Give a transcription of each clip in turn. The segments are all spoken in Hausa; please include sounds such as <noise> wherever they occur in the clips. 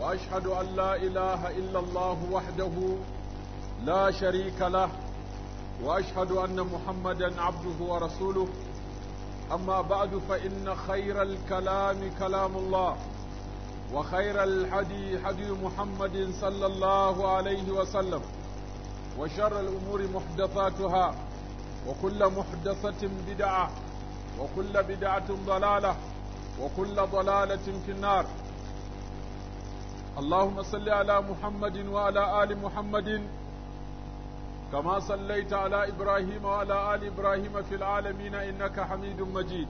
واشهد ان لا اله الا الله وحده لا شريك له واشهد ان محمدا عبده ورسوله اما بعد فان خير الكلام كلام الله وخير الحدي حدي محمد صلى الله عليه وسلم وشر الامور محدثاتها وكل محدثه بدعه وكل بدعه ضلاله وكل ضلاله في النار اللهم صل على محمد وعلى آل محمد كما صليت على إبراهيم وعلى آل إبراهيم في العالمين إنك حميد مجيد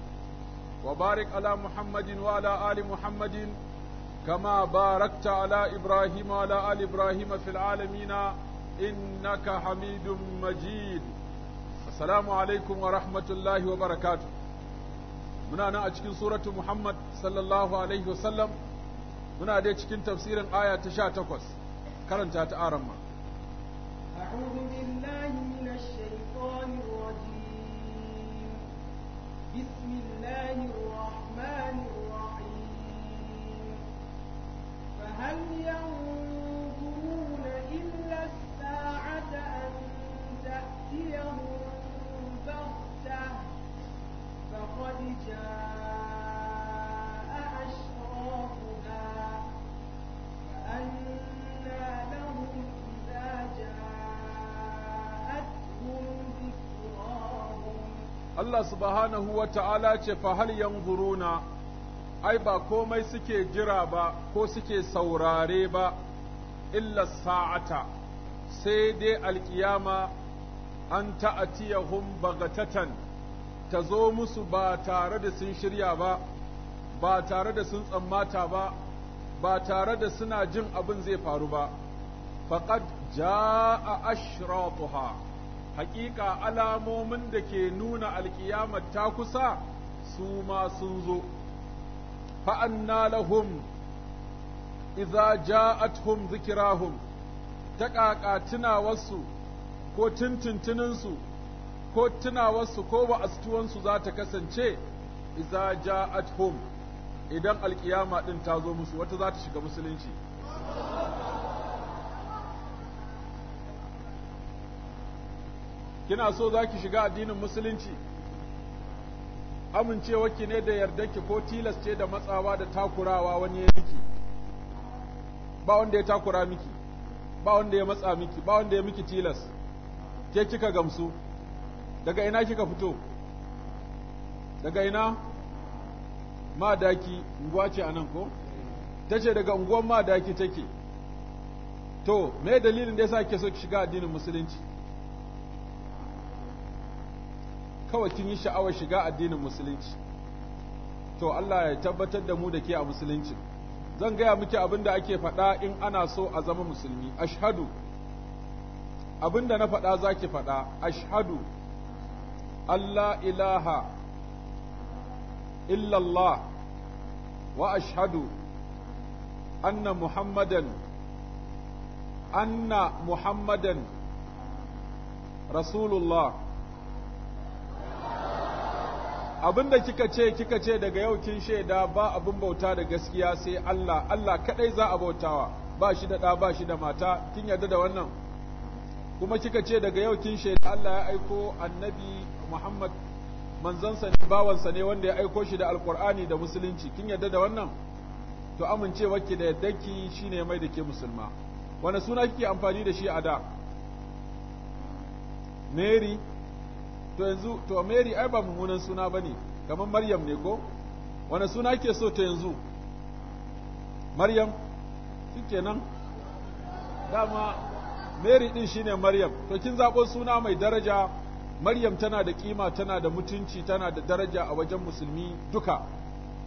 وبارك على محمد وعلى آل محمد كما باركت على إبراهيم وعلى آل إبراهيم في العالمين إنك حميد مجيد السلام عليكم ورحمة الله وبركاته muna nan a cikin suratu Muhammad sallallahu alaihi wasallam muna dai cikin tafsirin aya ta sha takwas karanta ta aran ma بسم الله Allah subhanahu wa ta'ala ce fa hal yanzuruna ai ba komai suke jira ba ko suke saurare ba illa sa'ata sai dai alƙiyama an ta'atiyahum bagatatan ta zo musu ba tare da sun shirya ba ba tare da sun tsammata ba ba tare da suna jin abin zai faru ba faqad jaa ashratuha haƙiƙa alamomin da ke nuna alkiyamar ta kusa su ma sun zo fa'anna lahum iza ja'atuhum zikirahum ta ƙaƙa tunawarsu ko tuntuntuninsu ko tunawarsu ko astuwansu za ta kasance iza hum,' idan alkiyama ɗin ta zo musu wata za ta shiga musulunci kina so za ki shiga addinin musulunci amincewarki ne da yardarki ko tilas ce da matsawa da takurawa wani ya miki ba wanda ya takura miki ba wanda ya matsa miki ba wanda ya miki tilas ke kika gamsu daga ina kika fito daga ina madaki unguwa ce a nan ko ta ce daga unguwan madaki take to me dalilin da sa kike so ki shiga addinin musulunci kawai kin yi sha'awar shiga addinin musulunci to Allah ya tabbatar da mu da ke a musulunci zan gaya miki abin da ake faɗa in ana so a zama musulmi ashadu abin da na faɗa za ki faɗa ashhadu Allah ilaha illallah wa ashadu anna muhammadan anna muhammadan rasulullah abinda kika ce kika ce daga yau kin shaida ba abin bauta da gaskiya sai Allah Allah kadai za a bautawa ba shi da da ba shi da mata kin yarda da wannan kuma kika ce daga yau kin shaida Allah ya aiko annabi Muhammad manzansa ne bawansa ne wanda ya aiko shi da alkur'ani da musulunci kin yarda da wannan to amincewa ki da yadda ki shine mai da ke musulma wani suna kike amfani da shi a da Mary to yanzu to Mary ai ba mummunan suna bane kamar Maryam ne ko wani suna ke so ta yanzu Maryam shikenan dama Mary din shine Maryam to kin zabo suna mai daraja Maryam tana da kima tana da mutunci tana da daraja a wajen musulmi duka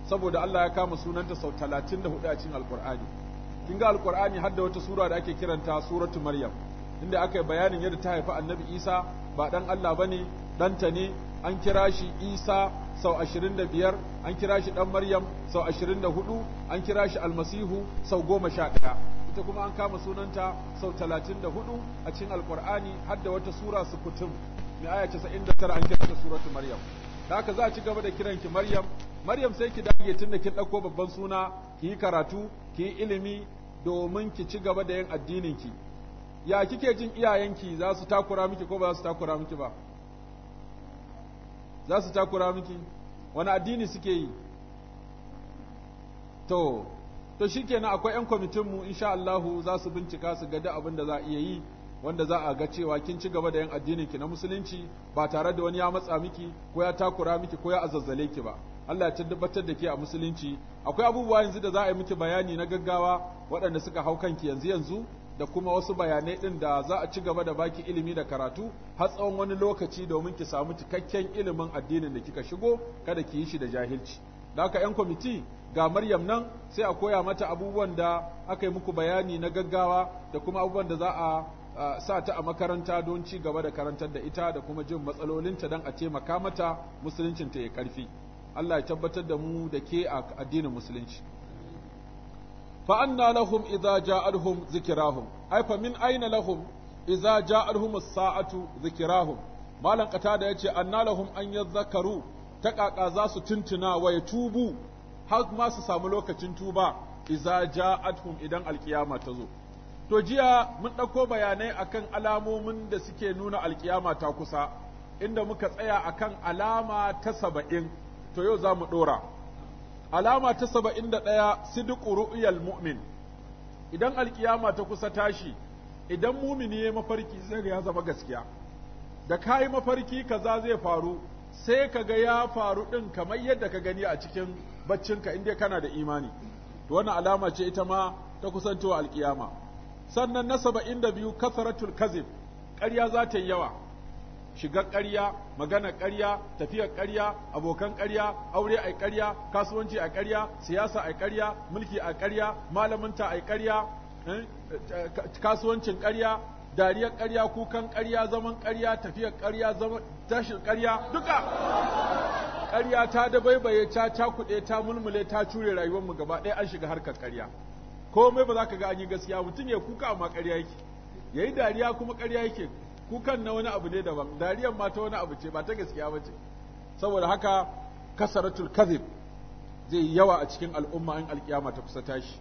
saboda Allah ya kama sunanta sau 34 a cikin Alkur'ani kin ga Alkur'ani har da wata sura da ake kiranta suratu Maryam inda aka yi bayanin yadda ta haifi Annabi Isa ba dan Allah bane ɗanta ne an kira shi isa sau ashirin da biyar an kira shi ɗan maryam sau ashirin da hudu an kira shi almasihu sau goma sha ɗaya ita kuma an kama sunanta sau talatin da hudu a cikin alkur'ani har da wata sura su kutum. mai aya casa'in da tara an kira ta suratu maryam da haka za a ci gaba da kiran ki maryam maryam sai ki dage tun da kin ɗauko babban suna ki yi karatu ki yi ilimi domin ki ci gaba da yin addinin ki ya kike jin iyayenki za su takura miki ko ba za su takura miki ba za su takura miki wani addini suke yi to to shikenan akwai yan kwamitinmu insha Allahu za su bincika su ga duk abin da za a iya yi wanda za a ga cewa kin ci gaba da yin addinin ki na musulunci ba tare da wani ya matsa miki ko ya takura miki ko ya azazzale ki ba Allah ya tabbatar da ke a musulunci akwai abubuwa yanzu da za a yi miki bayani na gaggawa waɗanda suka hau kanki yanzu yanzu da kuma wasu bayanai ɗin da za a ci gaba da baki ilimi da karatu har tsawon wani lokaci domin ki samu cikakken ilimin addinin da kika shigo kada ki yi shi da jahilci da haka 'yan kwamiti ga Maryam nan sai a koya mata abubuwan da aka yi muku bayani na gaggawa da kuma abubuwan da za a sa ta a makaranta don ci gaba da karantar da ita da kuma jin matsalolinta don a taimaka mata musuluncinta ya karfi Allah ya tabbatar da mu da ke a addinin musulunci fa anna lahum idza ja'alhum dhikrahum ai fa min aina lahum idza ja'alhum as-sa'atu zikrahum malam qatada yace anna lahum an yadhakaru ta kaka za su tuntuna wa tubu har ma su samu lokacin tuba idza ja'atuhum idan alkiyama ta zo to jiya mun ɗauko bayanai akan alamomin da suke nuna alkiyama ta kusa inda muka tsaya akan alama ta saba'in to yau za mu ɗora alama ta saba'in da ɗaya sidiku ru'uyal mu'min idan alƙiyama ta kusa tashi idan mumini ya mafarki zai ya zama gaskiya da ka yi mafarki kaza zai faru sai ka ga ya faru ɗin kamar yadda ka gani a cikin baccinka inda kana da imani to wannan alama ce ita ma ta kusantowa alkiyama sannan na saba'in da biyu kasaratul kazib ƙarya za ta yi yawa Shiga ƙarya magana ƙarya tafiyar ƙarya abokan ƙarya aure a ƙarya kasuwanci a ƙarya siyasa a ƙarya mulki a ƙarya malaminta a ƙarya eh, kasuwancin ƙarya dariyar ƙarya kukan ƙarya zaman ƙarya tafiyar ƙarya tashin ƙarya duka ƙarya ta dabaibaye ta kuɗe, ta mulmule ta cure rayuwarmu gaba ɗaya an shiga harkar ƙarya komai ba za ka ga an yi gaskiya mutum ya kuka amma ƙarya yake ya yi dariya kuma ƙarya yake kukan na wani abu ne daban dariyan ma ta wani abu ce ba ta gaskiya ba ce saboda haka kasaratul kazib zai yawa a cikin al'umma in alkiyama ta kusa tashi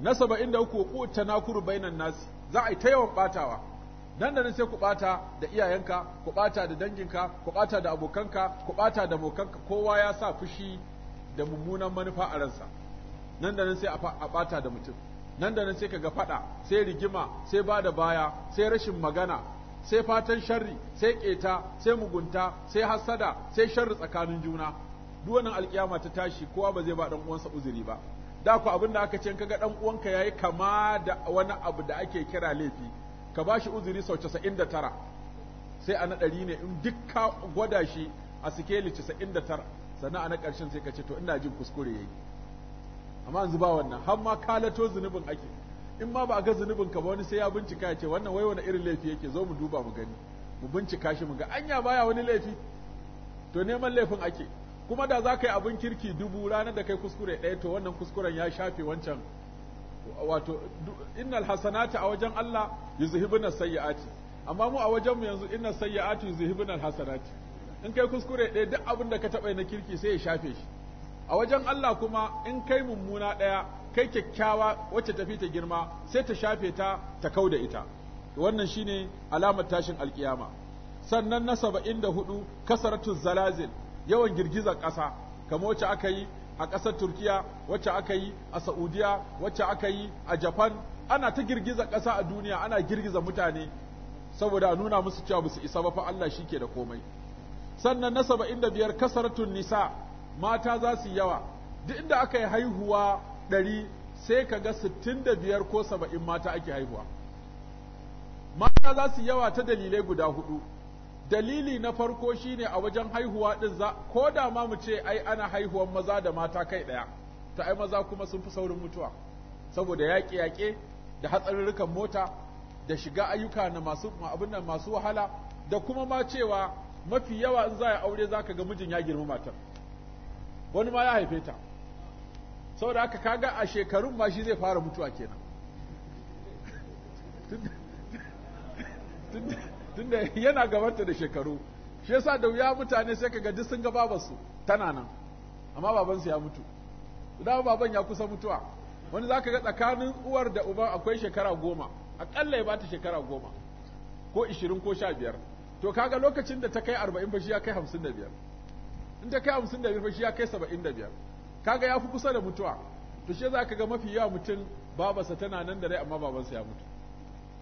na saba'in da uku ku tanakuru bainan nasi za a yi ta yawan batawa nan da sai ku bata da iyayenka ku bata da danginka ku bata da abokanka ku bata da bokanka kowa ya sa fushi da mummunan manufa a ransa nan da nan sai a bata da mutum nan da nan sai kaga fada sai rigima sai ba da baya sai rashin magana sai fatan sharri sai keta sai mugunta sai hasada sai sharri tsakanin juna duk wannan alkiyama ta tashi kowa ba zai ba dan uwansa uzuri ba da ku abin da aka ce in kaga dan uwanka yayi kama da wani abu da ake kira laifi ka bashi uzuri sau 99 sai a na ɗari ne in dukka gwada shi a sikeli 99 sannan a na ƙarshen sai ka ce to ina jin kuskure yayi amma yanzu ba wannan har ma kalato zunubin ake in ma ba a ga zunubin ka ba wani sai ya bincika ya ce wannan wai wani irin laifi yake zo mu duba mu gani mu bincika shi mu ga anya baya wani laifi to neman laifin ake kuma da za ka yi abin kirki dubu ranar da kai kuskure ɗaya to wannan kuskuren ya shafe wancan wato innal hasanati a wajen Allah yuzhibuna sayyi'ati amma mu a wajen mu yanzu innal sayyi'ati yuzhibuna hasanati in kai kuskure ɗaya duk abin da ka taɓa na kirki sai ya shafe shi a wajen Allah kuma in kai mummuna ɗaya kai kyakkyawa wacce tafi ta girma sai ta shafe ta ta kau da ita wannan shine alamar tashin alkiyama sannan na saba'in da hudu kasaratun zalazil yawan girgizar ƙasa kamar wacce aka yi a ƙasar turkiya wacce aka yi a saudiya wacce aka yi a japan ana ta girgiza ƙasa a duniya ana girgiza mutane saboda a nuna musu cewa su isa ba fa Allah shi ke da komai sannan na saba'in da biyar kasaratun nisa mata za su yawa duk inda aka yi haihuwa ɗari sai ka ga sittin da biyar ko saba'in mata ake haihuwa mata za su yawa ta dalilai guda hudu dalili na farko shi ne a wajen haihuwa ɗin za ko da ma mu ce ai ana haihuwan maza da mata kai ɗaya ta ai maza kuma sun fi saurin mutuwa saboda yaƙe-yaƙe da hatsarurrukan mota da shiga ayyuka na masu abin nan masu wahala da kuma ma cewa mafi yawa in za a aure za ka ga mijin ya girma matar wani ma ya haife ta sau da aka kaga a shekarun ma shi zai fara mutuwa kenan tunda yana gabanta da shekaru shi yasa da wuya mutane sai kaga duk sun ga babansu tana nan amma babansu ya mutu da baban ya kusa mutuwa wani za ka ga tsakanin uwar da uban akwai shekara goma akalla ya bata shekara goma ko ishirin ko sha biyar to kaga lokacin da ta kai arba'in ba shi ya kai hamsin da biyar in ta kai hamsin da biyar fa shi ya kai saba'in da biyar kaga ya fi kusa da mutuwa to shi za ka ga mafi yawa mutum babarsa tana nan da rai amma babansa ya mutu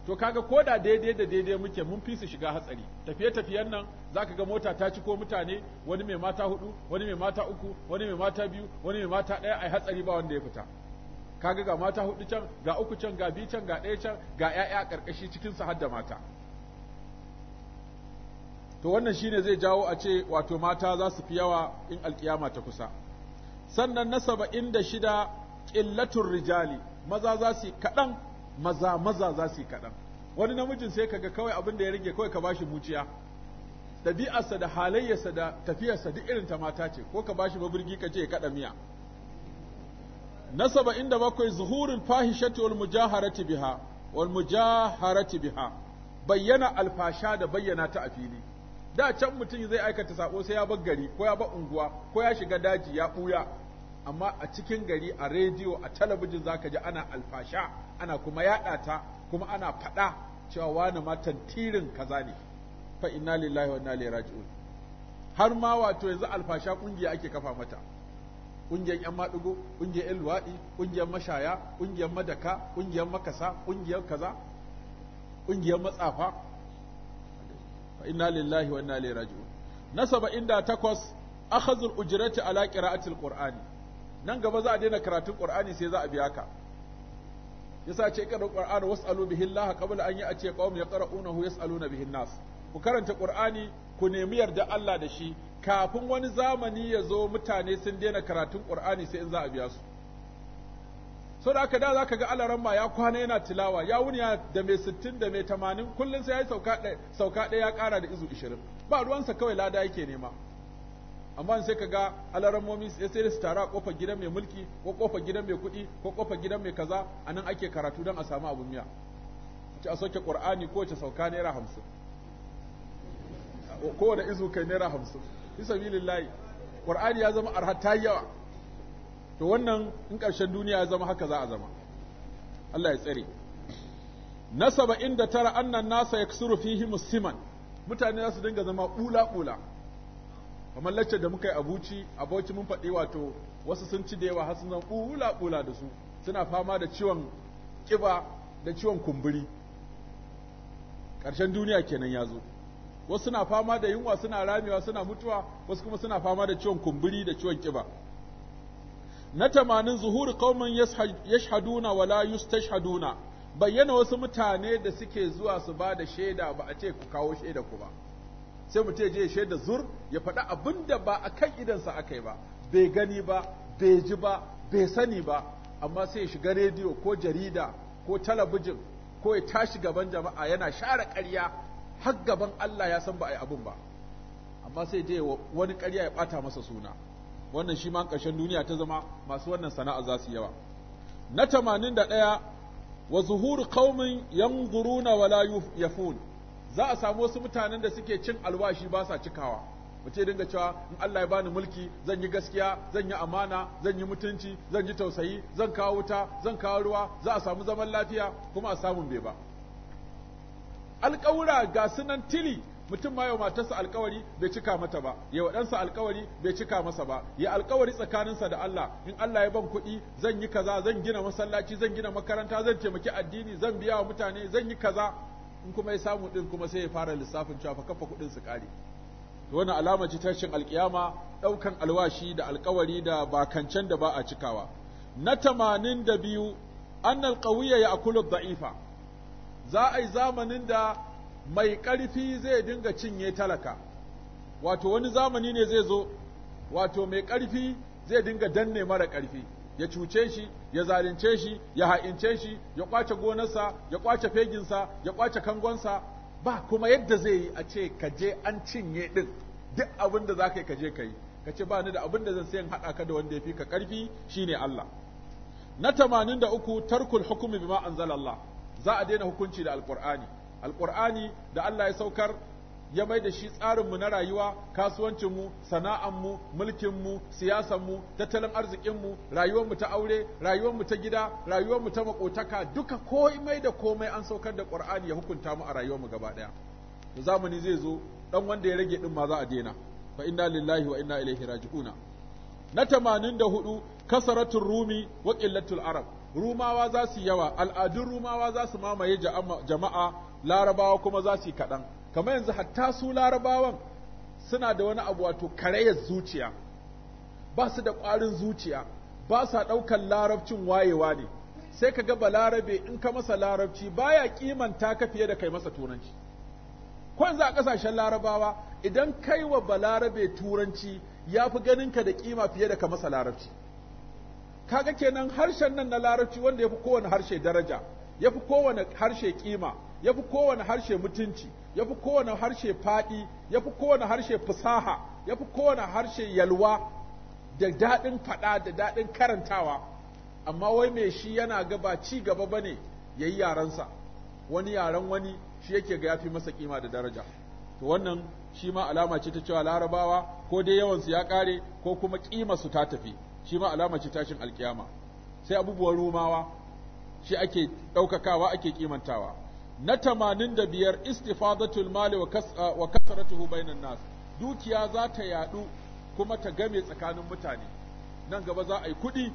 to kaga ko da daidai da daidai muke mun fi su shiga hatsari tafiye tafiyen nan za ka ga mota ta ci ko mutane wani mai mata hudu wani mai mata uku wani mai mata biyu wani mai mata daya ai hatsari ba wanda ya fita kaga ga mata hudu can ga uku can ga biyu can ga daya can ga ƴaƴa karkashi cikin su har da mata to wannan shine zai jawo a ce wato mata za su fi yawa in alkiyama ta kusa sannan na saba'in da shida ƙillatun rijali maza za su yi kaɗan maza maza za su yi kaɗan wani namijin sai kaga kawai abin da ya rage kawai ka ba shi muciya ɗabi'arsa da halayyarsa da tafiyarsa duk irin ta mata ce ko ka ba shi maburgi ka ce ya kaɗa miya na saba'in da bakwai zuhurin fahishati wal mujaharati biha wal mujaharati biha bayyana alfasha da bayyana ta a fili da can mutum zai aikata sako sai ya bar gari ko ya bar unguwa ko ya shiga daji ya ɓuya amma a cikin gari a rediyo a talabijin zaka ji ana alfasha ana kuma yaɗa ta kuma ana faɗa cewa wani ma tantirin kaza ne fa inna lillahi wa inna ilaihi raji'un har ma wato yanzu alfasha kungiya ake kafa mata ƙungiyar 'yan maɗigo, ƙungiyar 'yan luwaɗi, ƙungiyar mashaya, ƙungiyar madaka, ƙungiyar makasa, ƙungiyar kaza, ƙungiyar matsafa. Fa inna lillahi wa inna ilaihi raji'un. Na saba'in da takwas, akhazul ujrati ala qira'atil Qur'ani. nan gaba za a daina karatun ƙur'ani sai za a biya ka yasa ce kada qur'ani was'alu bihin Laha qabla an yi a ya unahu ya yaqra'unahu na bihin nas ku karanta ƙur'ani ku nemi yarda Allah da shi kafin wani zamani ya zo mutane sun daina karatun ƙur'ani sai in za a biya su Sau da aka da za ka ga Allah ma ya kwana yana tilawa ya wuni ya da mai sittin da mai tamanin kullum sai ya yi sauka ɗaya ya ƙara da izu ishirin ba ruwansa kawai lada yake nema amma sai ka ga alarammomi sai su taru a kofar gidan mai mulki ko kofar gidan mai kuɗi ko kofar gidan mai kaza a nan ake karatu don a samu abun miya ci a soke ƙur'ani ko ci sauka naira hamsin kowane izu kai naira hamsin bisa lillahi ƙur'ani ya zama arha ta yawa to wannan in ƙarshen duniya ya zama haka za a zama Allah ya tsare na saba'in da tara annan nasa ya fihi musliman mutane za su dinga zama ɓula-ɓula kamar lacce da muka yi abuci abuci mun faɗi wato wasu sun ci da yawa har sun zan ƙula ƙula da su suna fama da ciwon ƙiba da ciwon kumburi ƙarshen duniya kenan ya zo wasu suna fama da yunwa suna ramewa suna mutuwa wasu kuma suna fama da ciwon kumburi da ciwon ƙiba na tamanin zuhuri qauman yashhaduna wala yustashhaduna bayyana wasu mutane da suke zuwa su ba da shaida ba a ce ku kawo shaida ku ba sai mutum je ya shaida zur ya faɗi abin da ba a kan idansa aka yi ba bai gani ba bai ji ba bai sani ba amma sai ya shiga rediyo ko jarida ko talabijin ko ya tashi gaban jama'a yana share ƙarya har gaban Allah ya san ba a yi abin ba amma sai je wani ƙarya ya ɓata masa suna wannan shi ma ƙarshen duniya ta zama masu wannan sana'a za su yawa na tamanin da ɗaya wa zuhuru qaumin yanzuruna wala yafun za a samu wasu mutanen da suke cin alwashi ba sa cikawa mace dinga cewa in Allah ya bani mulki zan yi gaskiya zan yi amana zan yi mutunci zan yi tausayi zan kawo wuta zan kawo ruwa za a samu zaman lafiya kuma a samun bai ba alƙawura ga sunan tili mutum ma yau matarsa alƙawari bai cika mata ba ya waɗansa alƙawari bai cika masa ba ya alkawari tsakaninsa da Allah in Allah ya ban kuɗi zan yi kaza zan gina masallaci zan gina makaranta zan taimaki addini zan biya wa mutane zan yi kaza in kuma ya samu din kuma sai ya fara lissafin cewa fa kafa kudin su kare to wannan alama ce tashin alkiyama daukan alwashi da alkawari da bakancan da ba a cikawa na 82 annal qawiyya ya'kulu dha'ifa za a yi zamanin da mai ƙarfi zai dinga cinye talaka wato wani zamani ne zai zo wato mai ƙarfi zai dinga danne mara karfi ya cuce shi ya zalunce shi ya ha'ince shi ya kwace gonarsa ya kwace feginsa ya kwace kangonsa ba kuma yadda zai yi a ce ka je an cinye din duk abin da za ka yi ka je ka yi ka ce ba ni da abin da zan sayan haɗa ka da wanda ya fi ka ƙarfi shine Allah na tamanin da uku tarkul hukumi bima anzalallah za a daina hukunci da alƙur'ani alƙur'ani da Allah ya saukar ya mai da shi tsarinmu na rayuwa kasuwancinmu sana'anmu mulkinmu siyasanmu tattalin arzikinmu rayuwarmu ta aure rayuwarmu ta gida rayuwarmu ta makotaka duka ko mai da komai an saukar da qur'ani ya hukunta mu a rayuwarmu gaba daya zamani zai zo dan wanda ya rage din ma za a daina fa inna lillahi wa inna ilaihi raji'una na 84 kasaratul rumi wa qillatul arab rumawa za su yawa al'adun rumawa za su mamaye jama'a larabawa kuma za su yi kaɗan kamar yanzu hatta su larabawan suna da wani abu wato karayar zuciya ba su da ƙwarin zuciya ba sa ɗaukar larabcin wayewa ne sai ka ga balarabe in ka masa larabci baya kimanta ka fiye da kai masa turanci ko yanzu a ƙasashen larabawa idan kai wa balarabe turanci ya fi ganin ka da kima fiye da ka masa larabci kaga kenan harshen nan na larabci wanda ya fi kowane harshe daraja ya fi kowane harshe kima ya fi kowane harshe mutunci ya fi kowane harshe faɗi ya fi kowane harshe fusaha ya fi kowane harshe yalwa da daɗin faɗa da daɗin karantawa amma wai mai shi yana gaba ci gaba ba ne ya yi yarensa wani yaren wani shi yake ga ya fi masa kima da daraja to wannan shi ma alama ce ta cewa larabawa ko dai yawansu ya ƙare ko kuma kima su ta tafi shi ma alama ce tashin alkiyama sai abubuwan rumawa shi ake ɗaukakawa ake kimantawa na tamanin da biyar istifadatul mali wa kasaratuhu bainan nas dukiya za ta yadu kuma ta game tsakanin mutane nan gaba za a yi kuɗi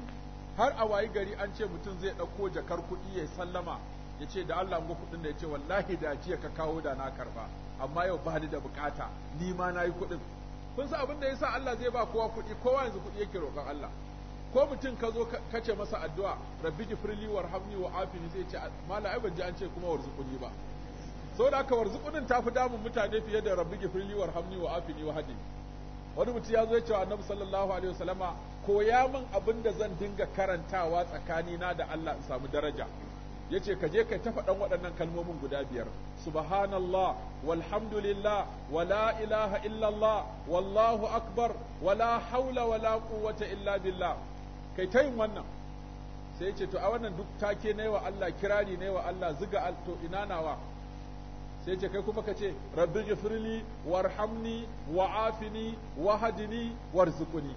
har a wayi gari an ce mutum zai ɗauko jakar kuɗi ya sallama ya ce da Allah ga kuɗin da ya ce wallahi da jiya ka kawo da na karba amma yau ba ni da bukata ni ma na yi kuɗin kun san abin da ya sa Allah zai ba kowa kuɗi kowa yanzu kuɗi yake roƙon Allah ko mutum ka zo ka ce masa addu'a rabbi gifirli warhamni wa afini zai ce mala ai ban ji an ce kuma warzuquni ba da haka warzuqunin ta fi damun mutane fiye da rabbi gifirli warhamni wa afini wa hadi wani mutum ya zo ya ce wa annabi sallallahu alaihi wasallama koya min abin da zan dinga karantawa tsakani na da Allah in samu daraja yace ka je kai ta faɗan waɗannan kalmomin guda biyar subhanallah walhamdulillah wala ilaha illallah wallahu akbar wala haula wala quwwata illa billah kai ta yin wannan sai ce to a wannan duk take ne wa Allah kirani ne wa Allah ziga to ina nawa sai ce kai kuma ka ce rabbi ghifrli warhamni wa'afini wahadini, warzuqni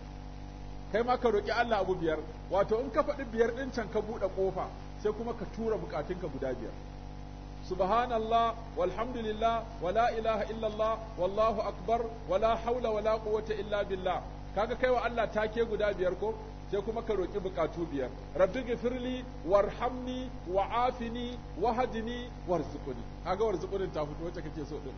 kai ma ka roki Allah abu biyar wato in ka faɗi biyar ɗin can ka buɗe ƙofa sai kuma ka tura bukatunka guda biyar subhanallah walhamdulillah wala ilaha illallah wallahu akbar wala haula wala quwwata illa billah kaga kai wa Allah take guda biyar ko sai kuma ka roƙi buƙatu biyar rabbi gifirli warhamni wa hadini warzuqni kaga warzuqni ta fito wacce kake so din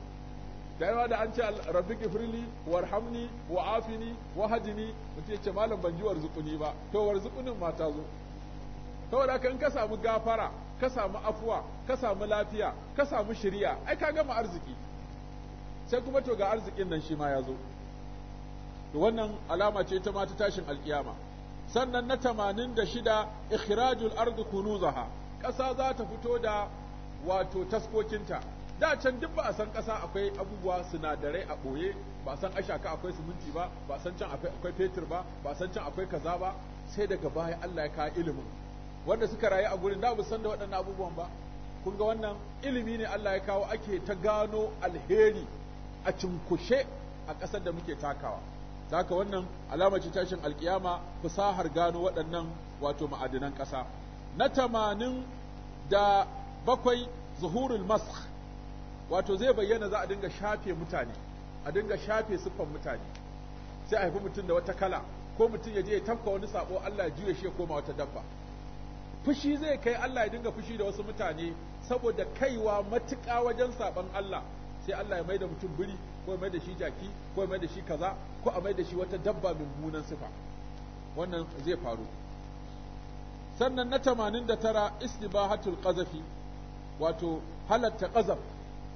da yawa da an ce rabbi gifirli warhamni wa'afini wahdini mutum yace malam ban ji warzuqni ba to warzuqnin ma ta zo da kan ka samu gafara ka samu afuwa ka samu lafiya ka samu shiriya ai ka gama arziki sai kuma to ga arzikin nan shi ma ya zo to wannan alama ce ta ma ta tashin alkiyama sannan na tamanin da shida ikhrajul ardu kunuzaha ƙasa za ta fito da wato taskokinta da can duk ba a san ƙasa akwai abubuwa sinadarai a ɓoye ba a san ashaka akwai siminti ba ba san can akwai fetur ba ba san can akwai kaza ba sai daga baya Allah ya kawo ilimin wanda suka rayu a gurin da ba san da waɗannan abubuwan ba kun ga wannan ilimi ne Allah ya kawo ake ta gano alheri a cinkushe a ƙasar da muke takawa da haka wannan alama ce tashin alkiyama fasahar gano waɗannan wato ma'adinan ƙasa na tamanin da bakwai zuhurul mask wato zai bayyana za a dinga shafe mutane a dinga shafe siffan mutane sai a haifi mutum da wata kala ko mutum ya je ya tafka wani sabo Allah ya juye shi ya koma wata dabba fushi zai kai Allah ya dinga fushi da wasu mutane saboda kaiwa matuƙa wajen saban Allah sai Allah ya maida mutum biri ko mai da shi jaki ko mai da shi kaza ko a mai da shi wata dabba mummunan sifa wannan zai faru sannan na 89 istibahatul qazafi wato halatta qazaf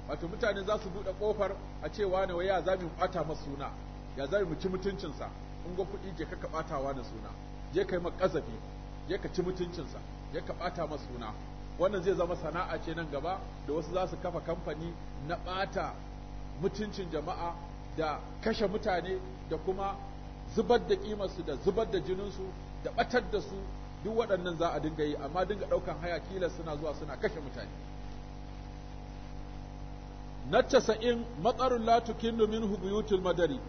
wato mutane za su bude kofar a ce wani waya za mu bata masa suna ya za mu ci mutuncinsa in ga kuɗi je ka bata wani suna je kai ma qazafi je ka ci mutuncinsa je ka bata masa suna wannan zai zama sana'a ce nan gaba da wasu za su kafa kamfani na bata mutuncin jama'a da kashe mutane da kuma zubar da kimarsu, da zubar da jininsu da batar da su duk waɗannan za a dinga yi amma dinga ɗaukan haya kila suna zuwa suna kashe mutane na casa'in matsarin latukin domin hubuyutul madari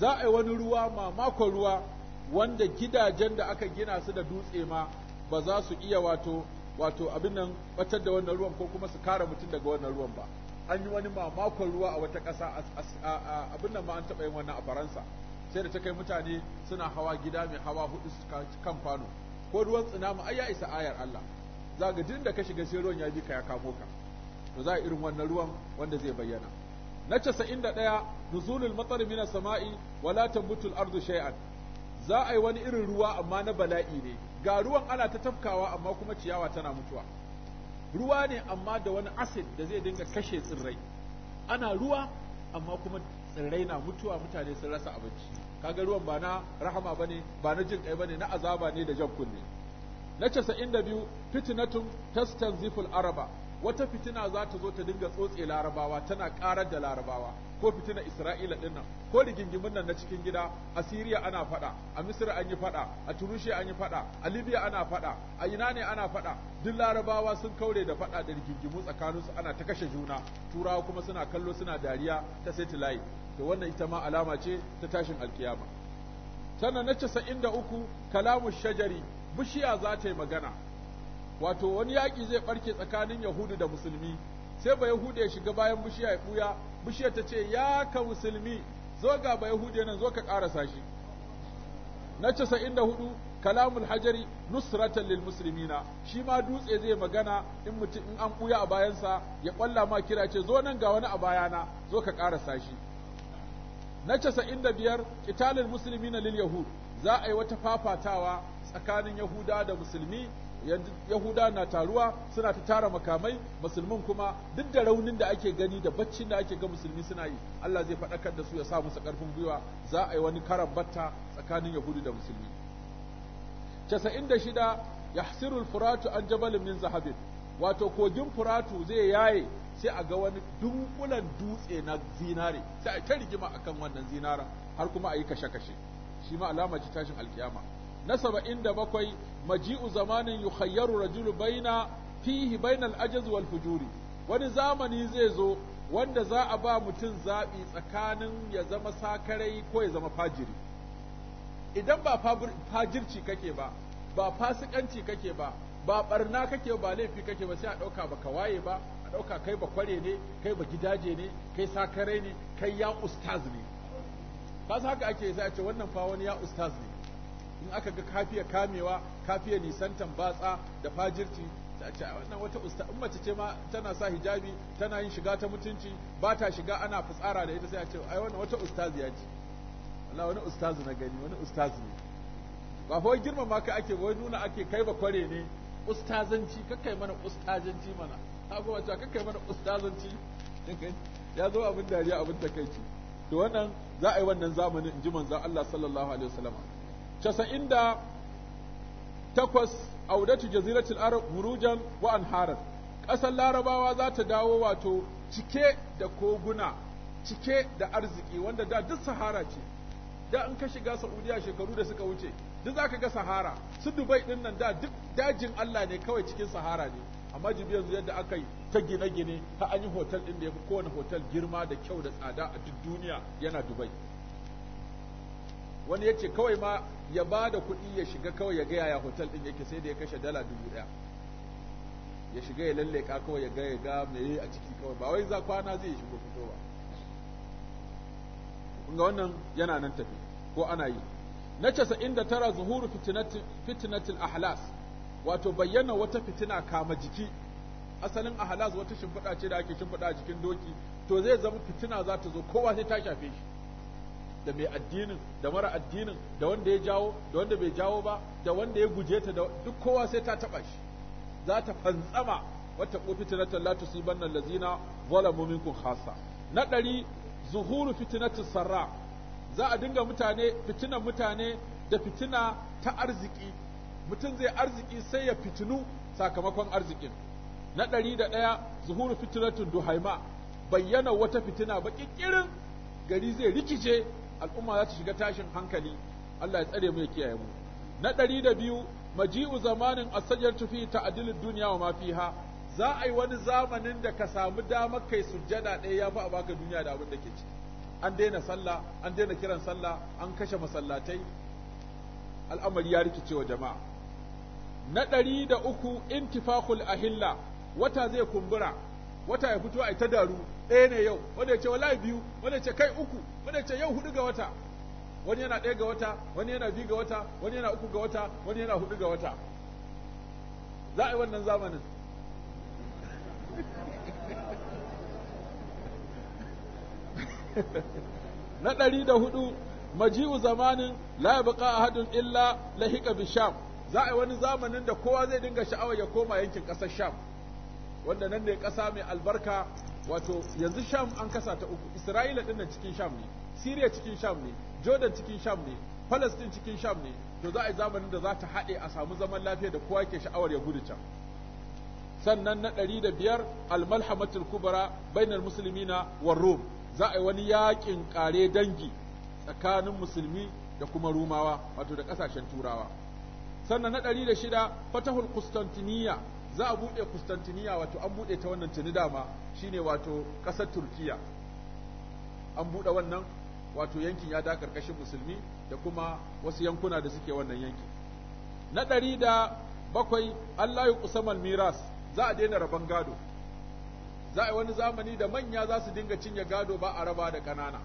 za a yi wani ruwa mamakon ruwa wanda gidajen da aka gina su da dutse ma ba za su iya wato wato abin nan batar da wannan ruwan ko kuma su kare mutum daga wannan ruwan ba an yi wani mamakon ruwa a wata ƙasa abin nan ma an taɓa yin wannan a faransa sai da ta kai mutane suna hawa gida mai hawa hudu kan kwano ko ruwan tsunami ai ya isa ayar Allah za ga da ka shiga sai ruwan ya bi ka ya kamo ka to za a irin wannan ruwan wanda zai bayyana na casa'in da ɗaya nuzulul matsar mina sama'i wala tabutul ardu shay'an za a yi wani irin ruwa amma na bala'i ne ga ruwan ana ta tafkawa amma kuma ciyawa tana mutuwa ruwa ne amma da wani acid da zai dinga kashe tsirrai ana ruwa amma kuma tsirrai na mutuwa mutane sun rasa abinci kaga ruwan ba na rahama bane ba na jin kai bane na azaba ne da jan kunne na 92 fitnatun tastanziful araba wata fitina za ta zo ta dinga tsotse larabawa tana karar da larabawa ko fitina isra'ila din nan ko rigingimin nan na cikin gida a siriya ana fada a misira an yi fada a turushiya an yi fada a libya ana fada a ina ne ana fada duk larabawa sun kaure da fada da rigingimu tsakaninsu ana ta kashe juna turawa kuma suna kallo suna dariya ta sai layi to wannan ita ma alama ce ta tashin alkiyama sannan na casa'in da uku kalamu shajari bishiya za ta yi magana wato wani yaƙi zai ɓarke tsakanin yahudu da musulmi sai ba yahudu ya shiga bayan bishiya ya ɓuya bishiya ta ce ya ka musulmi zo ga ba yahudu nan zo ka ƙarasa shi na casa'in da hudu kalamul hajari nusratan lil muslimina shi ma dutse zai magana in mutum in an ɓuya a bayansa ya ƙwalla ma kira ce zo nan ga wani a bayana zo ka ƙarasa shi na casa'in da biyar ƙitalin musulmi na lil yahud za a yi wata fafatawa tsakanin yahuda da musulmi yahuda na taruwa suna ta tara makamai musulmin kuma duk da raunin da ake gani da baccin da ake ga musulmi suna yi Allah zai faɗakar da su ya sa musu ƙarfin gwiwa za a yi wani karan batta tsakanin yahudu da musulmi da 96 yahsirul furatu an jabalin min zahabin wato kogin furatu zai yaye sai a ga wani dunkulan dutse na zinare sai a ta rigima akan wannan zinara har kuma a yi kashe-kashe shi ma alama ce tashin alkiyama na saba'in da bakwai maji'u zamanin yukhayyaru rajulu baina fihi bainal ajaz wal fujuri wani zamani zai zo wanda za a ba mutum zaɓi tsakanin ya zama sakarai ko ya zama fajiri idan ba fajirci kake ba ba fasikanci kake ba ba barna kake ba laifi kake ba sai a ɗauka ba ka waye ba a ɗauka kai ba kware ne kai ba gidaje ne kai sakarai ne kai ya ustaz ne ba haka ake sai a ce wannan fa wani ya ustaz ne in aka ga kafiya kamewa kafiya nisantan batsa da fajirci ta ce wannan wata usta in mace ce ma tana sa hijabi tana yin shiga ta mutunci ba ta shiga ana fitsara da ita sai a ce ai wannan wata ya ce Allah wani ustazi na gani wani ustazi ne ba fa girmama ka ake wai nuna ake kai ba kware ne ustazanci kakkai mana ustazanci mana haka ka kakkai mana ustazanci ya zo abin dariya abin takaici to wannan za a yi wannan zamanin in ji manzon Allah sallallahu alaihi wasallam casa'in da takwas audatu jaziratul arab hurujan wa anharan ƙasar larabawa za ta dawo wato cike da koguna cike da arziki wanda da duk sahara ce da in ka shiga saudiya shekaru da suka wuce duk za ka ga sahara su dubai din nan da duk dajin allah ne kawai cikin sahara ne amma jibi yanzu yadda aka yi ta gine-gine ta an yi hotel ɗin da ya fi kowane hotel girma da kyau da tsada a duk duniya yana dubai wani ya ce kawai ma ya ba da kuɗi ya shiga kawai ya gaya ya hotel ɗin yake sai da ya kashe dala dubu ɗaya ya shiga ya lalleka kawai ya gaya ga me a ciki kawai ba wai za kwana zai shigo fito ba kunga wannan yana nan tafi ko ana yi na casa'in da tara zuhuru fitinatin ahlas wato bayyana wata fitina kama jiki asalin ahlas wata shimfiɗa ce da ake shimfiɗa a jikin doki to zai zama fitina za ta zo kowa sai ta shafe shi da mai addinin da mara addinin da wanda ya jawo da wanda bai jawo ba da wanda ya guje ta da duk kowa sai ta taba shi za ta fantsama wata ko fitnatan la tusibanna allazina zalamu minkum khassa na ɗari zuhuru fitnatus sarra za a dinga mutane fitinan mutane da fitina ta arziki mutum zai arziki sai ya fitinu sakamakon arzikin na ɗari da ɗaya zuhuru fitnatun duhaima bayyana wata fitina ba ƙirƙirin, gari zai rikice al'umma za ta shiga tashin hankali Allah ya tsare mu ya kiyaye mu na ɗari da biyu maji'u zamanin asajar tufi ta'adilin duniya wa ma fiha za a yi wani zamanin da ka samu damar kai sujjada ɗaya ya fi a baka duniya da abin da ke ciki an daina sallah an daina kiran sallah an kashe masallatai al'amari ya rikice wa jama'a na ɗari da uku intifakul ahilla wata zai kumbura wata ya fito a ta daru ɗaya ne yau wanda ya ce wallahi biyu wanda ya ce kai uku wanda ya ce yau hudu ga wata wani yana ɗaya ga wata wani yana biyu ga wata wani yana uku ga wata wani yana hudu ga wata za a yi wannan zamanin <laughs> na ɗari da hudu maji'u zamanin la ya buƙa ahadun illa lahika bi sham za a yi wani zamanin da kowa zai dinga sha'awar ya koma yankin ƙasar sham wanda nan ne ƙasa mai albarka wato yanzu sham an kasa ta uku isra'ila ɗin cikin sham ne siriya cikin sham ne jordan cikin sham ne palestine cikin sham ne to za a yi zamanin da za ta haɗe a samu zaman lafiya da kowa ke sha'awar ya gudu can sannan na ɗari da biyar almalhamatul kubra bainar musulmi na warrum za a yi wani yaƙin ƙare dangi tsakanin musulmi da kuma rumawa wato da ƙasashen turawa sannan na ɗari da shida fatahul kustantiniya za a buɗe Kustantiniya wato an buɗe ta wannan tuni dama shine wato ƙasar Turkiya an buɗe wannan wato yankin ya da ƙarƙashin musulmi da kuma wasu yankuna da suke wannan yanki na ɗari da bakwai Allah ya kusamal miras za a daina rabon gado za a yi wani zamani da manya za su dinga cinye gado ba a raba da ƙanana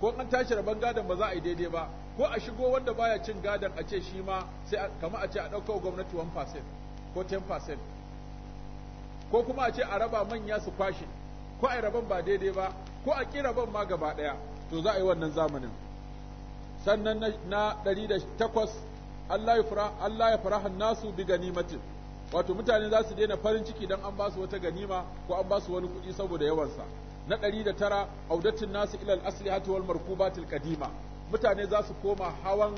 ko an tashi rabon gadon ba za a yi daidai ba ko a shigo wanda baya cin gadon a ce shi ma sai kama a ce a ɗaukar gwamnati 1% ko 10% ko kuma a ce a raba manya su kwashe ko a raban ba daidai ba ko a ƙi ban ma gaba ɗaya to za a yi wannan zamanin sannan na ɗari da takwas Allah ya faraha nasu bi ganimatin wato mutane za su daina farin ciki dan an ba su wata ganima ko an ba su wani kuɗi saboda yawan sa na ɗari da tara audatin nasu ilal asli wal markubatil kadima mutane za su koma hawan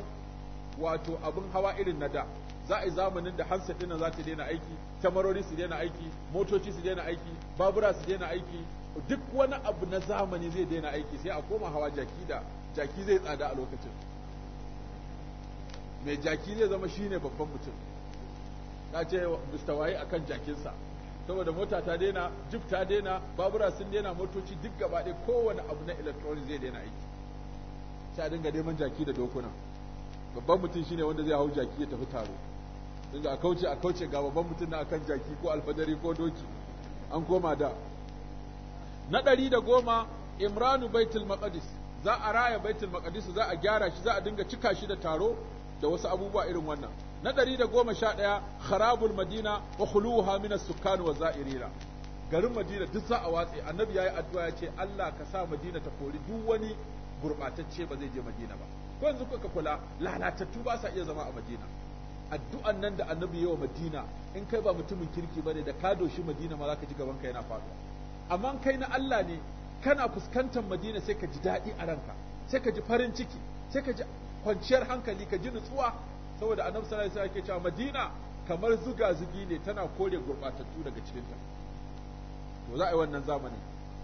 wato abin hawa irin na da za a yi zamanin da hansa ɗin za ta daina aiki tamarori su daina aiki motoci su daina aiki babura su daina aiki duk wani abu na zamani zai daina aiki sai a koma hawa jaki da jaki zai tsada a lokacin mai jaki zai zama shine babban mutum ta ce mr waye a kan jakinsa saboda mota ta daina jip ta daina babura sun daina motoci duk gaba ɗaya kowane abu na electronic zai daina aiki sai a dinga neman jaki da dokuna babban mutum shine wanda zai hau jaki ya tafi taro tunda a kauce a kauce ga babban mutum na akan jaki ko alfadari ko doki an koma da na ɗari da goma imranu baitul maqdis za a raya baitul maqdis za a gyara shi za a dinga cika shi da taro da wasu abubuwa irin wannan na ɗari da goma sha ɗaya kharabul madina wa khuluha min as-sukkan wa za'irina garin madina duk za a watse annabi yayi addu'a ya ce Allah ka sa madina ta kori duk wani gurbatacce ba zai je madina ba ko yanzu kuka kula lalatattu ba sa iya zama a madina addu'an nan da annabi wa madina in kai ba mutumin kirki ba ne da ka doshi madina ma za ka ji gaban ka yana faɗuwa amma kai na Allah ne kana fuskantar madina sai ka ji daɗi a ranka sai ka ji farin ciki sai ka ji kwanciyar hankali ka ji nutsuwa saboda annabi sallallahu alaihi wasallam yake cewa madina kamar zuga zugi ne tana kore gurɓatattu daga cikin ta to za a yi wannan zamani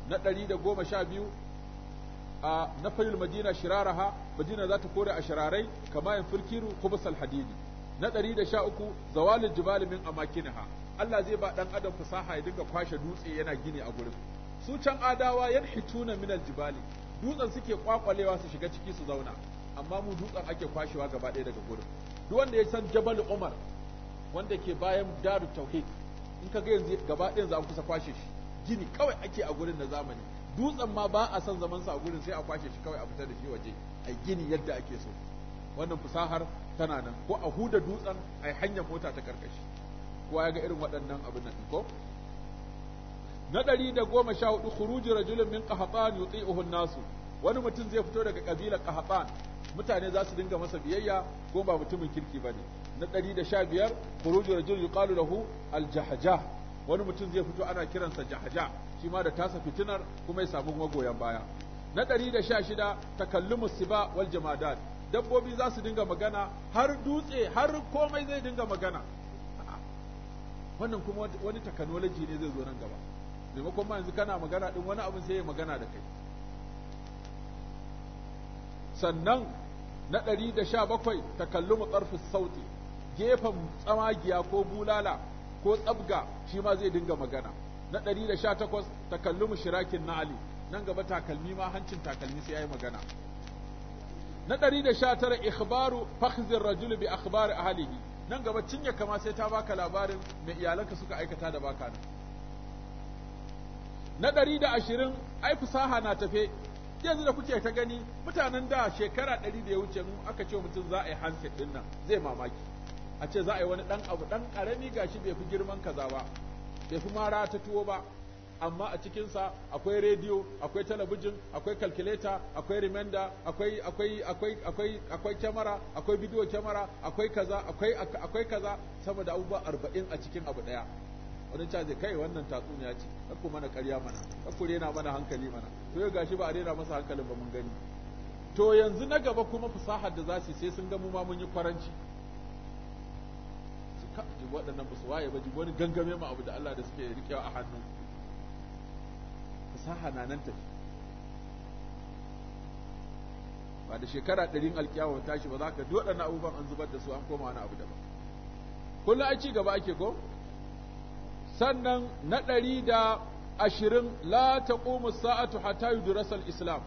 na ɗari da goma sha biyu a na madina shiraraha madina za ta kore a shirarai kama yin firkiru kubusal hadidi na ɗari da sha uku zawalin jibali min ha. Allah zai ba ɗan adam fasaha ya dinga kwashe dutse yana gini a gurin su can adawa hituna min Jibali. dutsen suke kwakwalewa su shiga ciki su zauna amma mu dutsen ake kwashewa gaba ɗaya daga gurin duk wanda ya san jabal umar wanda ke bayan daru tauhid in ka ga yanzu gaba ɗayan za kusa kwashe shi gini kawai ake a gurin na zamani dutsen ma ba a son zaman a gurin sai a kwashe shi kawai a fita da shi waje a gini yadda ake so wannan fusahar tana nan ko a huda dutsen a hanyar mota ta karkashi kowa ya ga irin waɗannan abin nan ko na ɗari da goma sha hudu khuruji rajulun min qahatan yuti'uhu nasu wani mutum zai fito daga kabilar qahatan mutane za su dinga masa biyayya ko ba mutumin kirki bane na ɗari da sha biyar khuruji rajulun yuqalu lahu al wani mutum zai fito ana kiransa jahaja shi ma da tasa fitinar kuma ya samu magoyan baya na ɗari da sha shida takallumus siba wal jamadat dabbobi za su dinga magana har dutse har komai zai dinga magana wannan kuma wani technology ne zai zo nan gaba maimakon ma yanzu kana magana din wani abin sai ya magana da kai sannan na ɗari da sha bakwai takallumu tsarfin sauti gefen tsamagiya ko bulala ko tsabga shi ma zai dinga magana na ɗari da sha takwas takallumu shirakin na'ali nan gaba takalmi ma hancin takalmi sai ya yi magana na ɗari da 119 ikhbaru fakhzir rajul bi akhbar ahlihi nan gaba cinye kama sai ta baka labarin mai iyalanka suka aikata da baka na ashirin, ai fusaha na tafe yanzu da kuke ta gani mutanen da shekara ɗari da ya wuce mu aka ce mutum za a yi handset din nan zai mamaki a ce za a yi wani ɗan abu dan karami gashi bai fi girman kaza ba bai fi mara ta tuwo ba amma a cikinsa akwai rediyo akwai talabijin akwai calculator akwai rimenda akwai akwai akwai akwai akwai kyamara akwai bidiyo kyamara akwai kaza akwai akwai kaza sama da abubuwa arba'in a cikin abu ɗaya wani ca kai wannan tatsuniya ce kakku mana karya mana kakku rena mana hankali mana to yau gashi ba a rena masa hankalin ba mun gani to yanzu na gaba kuma fasahar da za su sai sun ga mu ma mun yi kwaranci waɗannan ba su waye ba ji wani gangame ma abu da Allah da suke rikewa a hannu fasaha na nan tafi ba da shekara ɗarin alkiyawa tashi ba za ka doɗa na abubuwan an zubar da su an koma wani abu daban kullum a ci gaba ake ko sannan na ɗari da ashirin la ta sa'atu hatta Durasar islam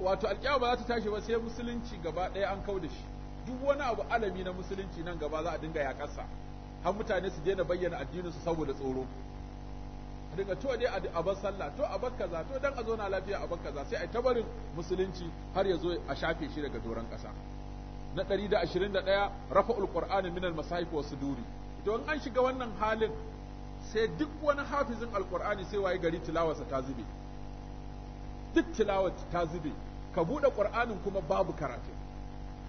wato alkiyawa ba za ta tashi ba sai musulunci gaba ɗaya an kau da shi duk wani abu alami na musulunci nan gaba za a dinga yaƙarsa har mutane su daina bayyana addinin su saboda tsoro daga to dai a bar sallah to a bar kaza to dan a zo na lafiya a bar kaza sai a tabarin musulunci har ya zo a shafe shi daga doron kasa na 121 rafa'ul qur'ani min al-masahif wa suduri to in an shiga wannan halin sai duk wani hafizin alqur'ani sai waye gari tilawarsa ta zube duk tilawar ta zube ka bude qur'anin kuma babu karatu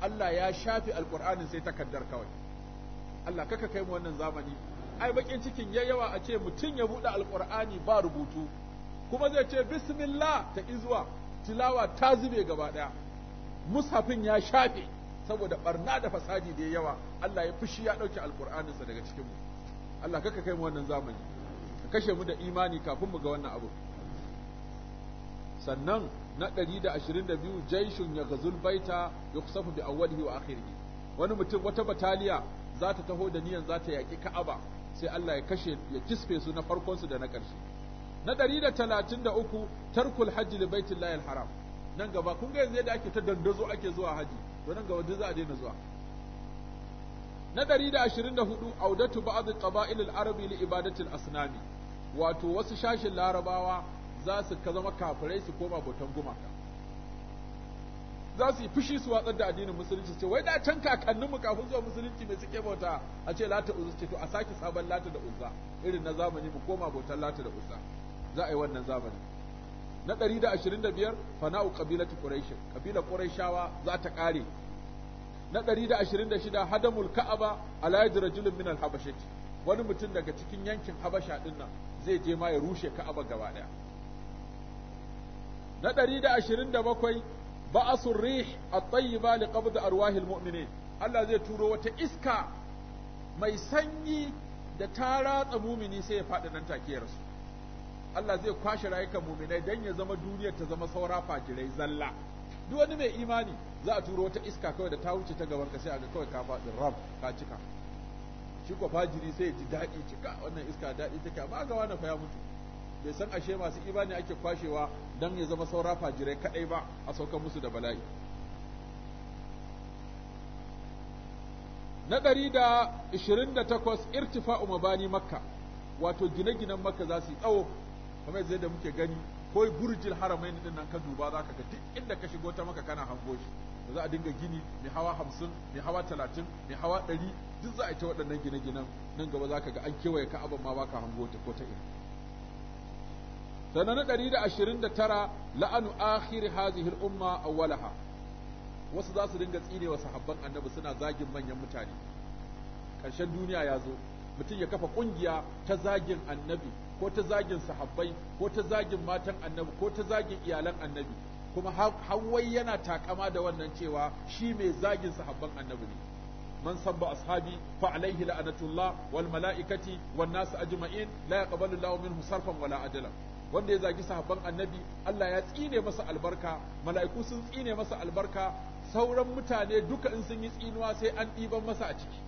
Allah ya shafe alqur'anin sai takaddar kawai Allah kaka kai mu wannan zamani ai bakin cikin ya yawa a ce mutum ya buɗe alƙur'ani ba rubutu kuma zai ce bismillah ta izuwa tilawa ta zube gaba ɗaya mushafin ya shafe saboda barna da fasadi da yawa Allah ya fushi ya ɗauke alƙur'aninsa daga cikin mu Allah kaka kai mu wannan zamani ka kashe mu da imani kafin mu ga wannan abu sannan na 122 jaishun ya gazul baita yuksafu bi awwalihi wa akhirih wani mutum wata bataliya za ta taho da niyan za ta yaƙi ka'aba sai Allah ya kashe ya kisfe su na farkon su da na ƙarshe na uku, tarkul hajji li baitillahi haram. nan gaba kun ga yanzu yadda ake ta dandazo ake zuwa haji to nan gaba duk za a daina zuwa na hudu, audatu ba'd qaba'il arabi li ibadati al-asnami wato wasu shashin larabawa za su ka zama kafirai su koma bautan gumaka za su yi fushi su watsar da addinin musulunci ce wai da can kakanninmu kafin zuwa musulunci mai suke bauta a ce lata uzza ce to a sake sabon lata da uzza irin na zamani mu koma bautar lata da uzza za a yi wannan zamani na 125 fana'u qabilati quraish qabila quraishawa za ta kare na 126 hadamul ka'aba ala yad rajulin min al-habashati wani mutum daga cikin yankin habasha din nan zai je ma ya rushe ka'aba gaba daya na 127 ba'asur rih at-tayyiba liqabd arwahil mu'minin Allah zai turo wata iska mai sanyi da ta ratsa mumini sai ya faɗi nan takiyar rasu Allah zai kwashe rayukan muminai dan ya zama duniyar ta zama saura fajirai zalla duk wani mai imani za a turo wata iska kawai da ta wuce ta gaban ka sai a ga kawai ka faɗi rab ka cika shi ko fajiri sai ya ji daɗi cika wannan iska daɗi take ba ga wani fa ya mutu bai san ashe masu imani ake kwashewa don ya zama saura fajirai kaɗai ba a saukar musu da bala'i na ɗari da ishirin da takwas irtifa mabani makka wato gine-ginen makka za su yi tsawo kamar yadda muke gani ko burjil haramain ɗin nan ka duba za ka ga duk inda ka shigo ta maka kana hango shi da za a dinga gini mai hawa hamsin mai hawa talatin mai hawa ɗari duk za a ta waɗannan gine-ginen nan gaba za ka ga an kewaye ka abin ma baka hango ta ko ta ina sannan na ɗari da ashirin da tara la'anu akhir hazihil umma awwalaha wasu za su dinga wa sahabban annabi suna zagin manyan mutane ƙarshen duniya ya zo mutum ya kafa ƙungiya ta zagin annabi ko ta zagin sahabbai ko ta zagin matan annabi ko ta zagin iyalan annabi kuma hawai yana takama da wannan cewa shi mai zagin sahabban annabi ne man sabba ashabi fa alaihi la'anatullah wal mala'ikati wan nas ajma'in la yaqbalu Allahu minhu sarfan wala wanda ya zagi sahabban annabi Allah ya tsine masa albarka mala'iku sun tsine masa albarka sauran mutane duka in sun yi tsinuwa sai an ɗiban masa a ciki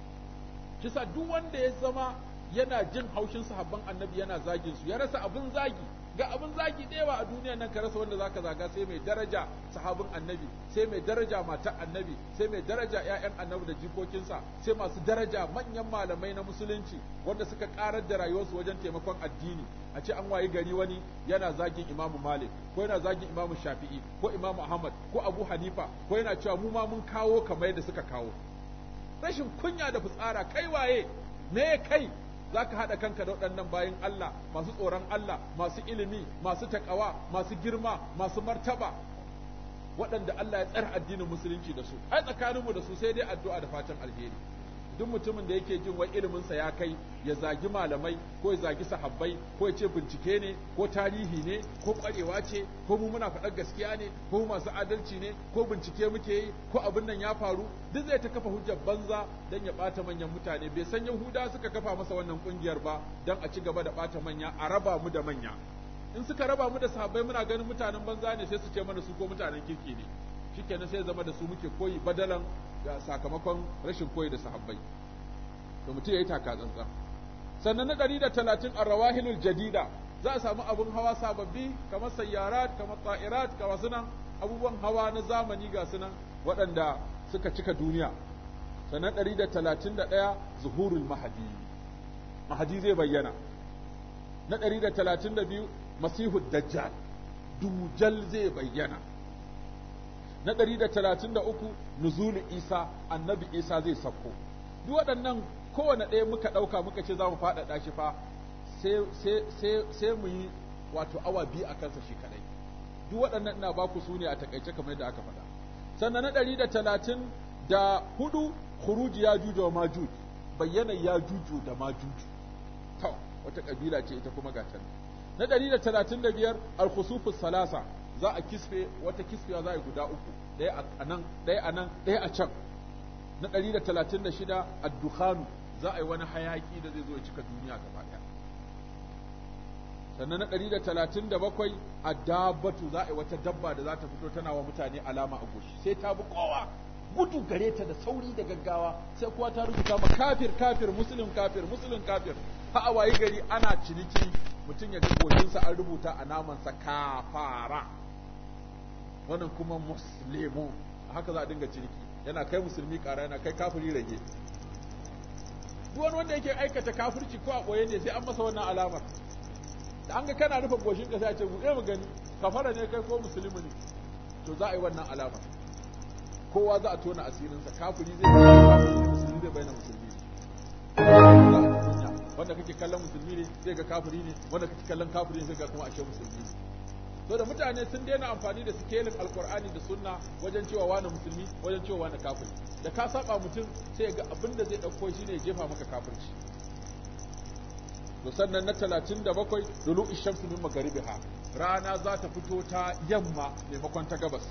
kisa duk wanda ya zama yana jin haushin sahabban annabi yana zagin su ya rasa abin zagi ga abin zagi dewa a duniya nan ka rasa wanda zaka zaga sai mai daraja sahabin annabi sai mai daraja matar annabi sai mai daraja ƴaƴan annabi da jikokin sa sai masu daraja manyan malamai na musulunci wanda suka karar da rayuwarsu wajen taimakon addini a ce an wayi gari wani yana zagin imamu malik ko yana zagin imamu shafi'i ko imamu ahmad ko abu hanifa ko yana cewa mu ma mun kawo kamar yadda suka kawo rashin kunya da fitsara kai waye me kai za ka haɗa kanka da waɗannan bayan Allah masu tsoron Allah masu ilimi masu taƙawa masu girma masu martaba waɗanda Allah ya tsara addinin musulunci da su ai tsakaninmu da su sai dai addu'a da fatan alheri duk mutumin da yake jin wai ilimin sa ya kai ya zagi malamai ko ya zagi sahabbai ko ya ce bincike ne ko tarihi ne ko kwarewa ce ko mu muna faɗar gaskiya ne ko masu adalci ne ko bincike muke yi ko abin nan ya faru duk zai ta kafa hujjar banza dan ya ɓata manyan mutane bai san yahuda suka kafa masa wannan kungiyar ba dan a ci gaba da ɓata manya a raba mu da manya in suka raba mu da sahabbai muna ganin mutanen banza ne sai su ce mana su ko mutanen kirki ne shikenan sai zama da su muke koyi badalan ga sakamakon rashin koyi da sahabbai to mutum yayi taka tsantsan sannan na 130 arwahilul jadida za a samu abun hawa sababbi kamar sayyarat kamar ta'irat kamar sunan abubuwan hawa na zamani ga sunan waɗanda suka cika duniya sannan 131 zuhurul mahadi mahadi zai bayyana na 132 masihud dajjal dujal zai bayyana na 133 nuzulu isa annabi isa zai sauko duk waɗannan kowane ɗaya muka ɗauka muka ce za mu faɗaɗa shi fa sai mu yi wato awa biyu a kansa shi kaɗai duk waɗannan ina ba ku su a takaice kamar yadda aka faɗa sannan na ɗari da hudu khuruji ya juju wa majuj bayyana ya juju da majuju to wata ƙabila ce ita kuma gatan na ɗari da talatin biyar alkhusufus salasa za a kisfe wata kisfiya za a yi guda uku ɗaya a nan ɗaya a nan ɗaya a can na 136 ad-dukhanu za a yi wani hayaki da zai zo ya cika duniya gaba ɗaya sannan na 137 ad-dabatu za a yi wata dabba da za ta fito tana wa mutane alama a goshi sai ta bi kowa gudu gare ta da sauri da gaggawa sai kowa ta rubuta ma kafir kafir muslim kafir muslim kafir ha a wayi gari ana ciniki mutum ya ga goshinsa an rubuta a namansa kafara wannan kuma muslimu haka za a dinga ciniki yana kai musulmi ƙara yana kai kafiri rage duk wani wanda yake aikata kafirci ko a boye ne sai an masa wannan alamar da an ga kana rufe goshin ka sai a ce buɗe mu gani kafara ne kai ko musulmi ne to za a yi wannan alama kowa za a tona asirinsa kafiri zai bayyana musulmi zai bayyana musulmi wanda kake kallon musulmi ne zai ga kafiri ne wanda kake kallon kafiri ne zai ga kuma ashe musulmi ne so da mutane sun daina amfani da sikelin alkur'ani da sunna wajen cewa wani musulmi wajen cewa wani kafiri da ka saba mutum sai ga abin da zai ɗauko shi ne jefa maka kafirci to sannan na talatin da bakwai dulu ishamsu min magaribiha rana za ta fito ta yamma makon ta gabas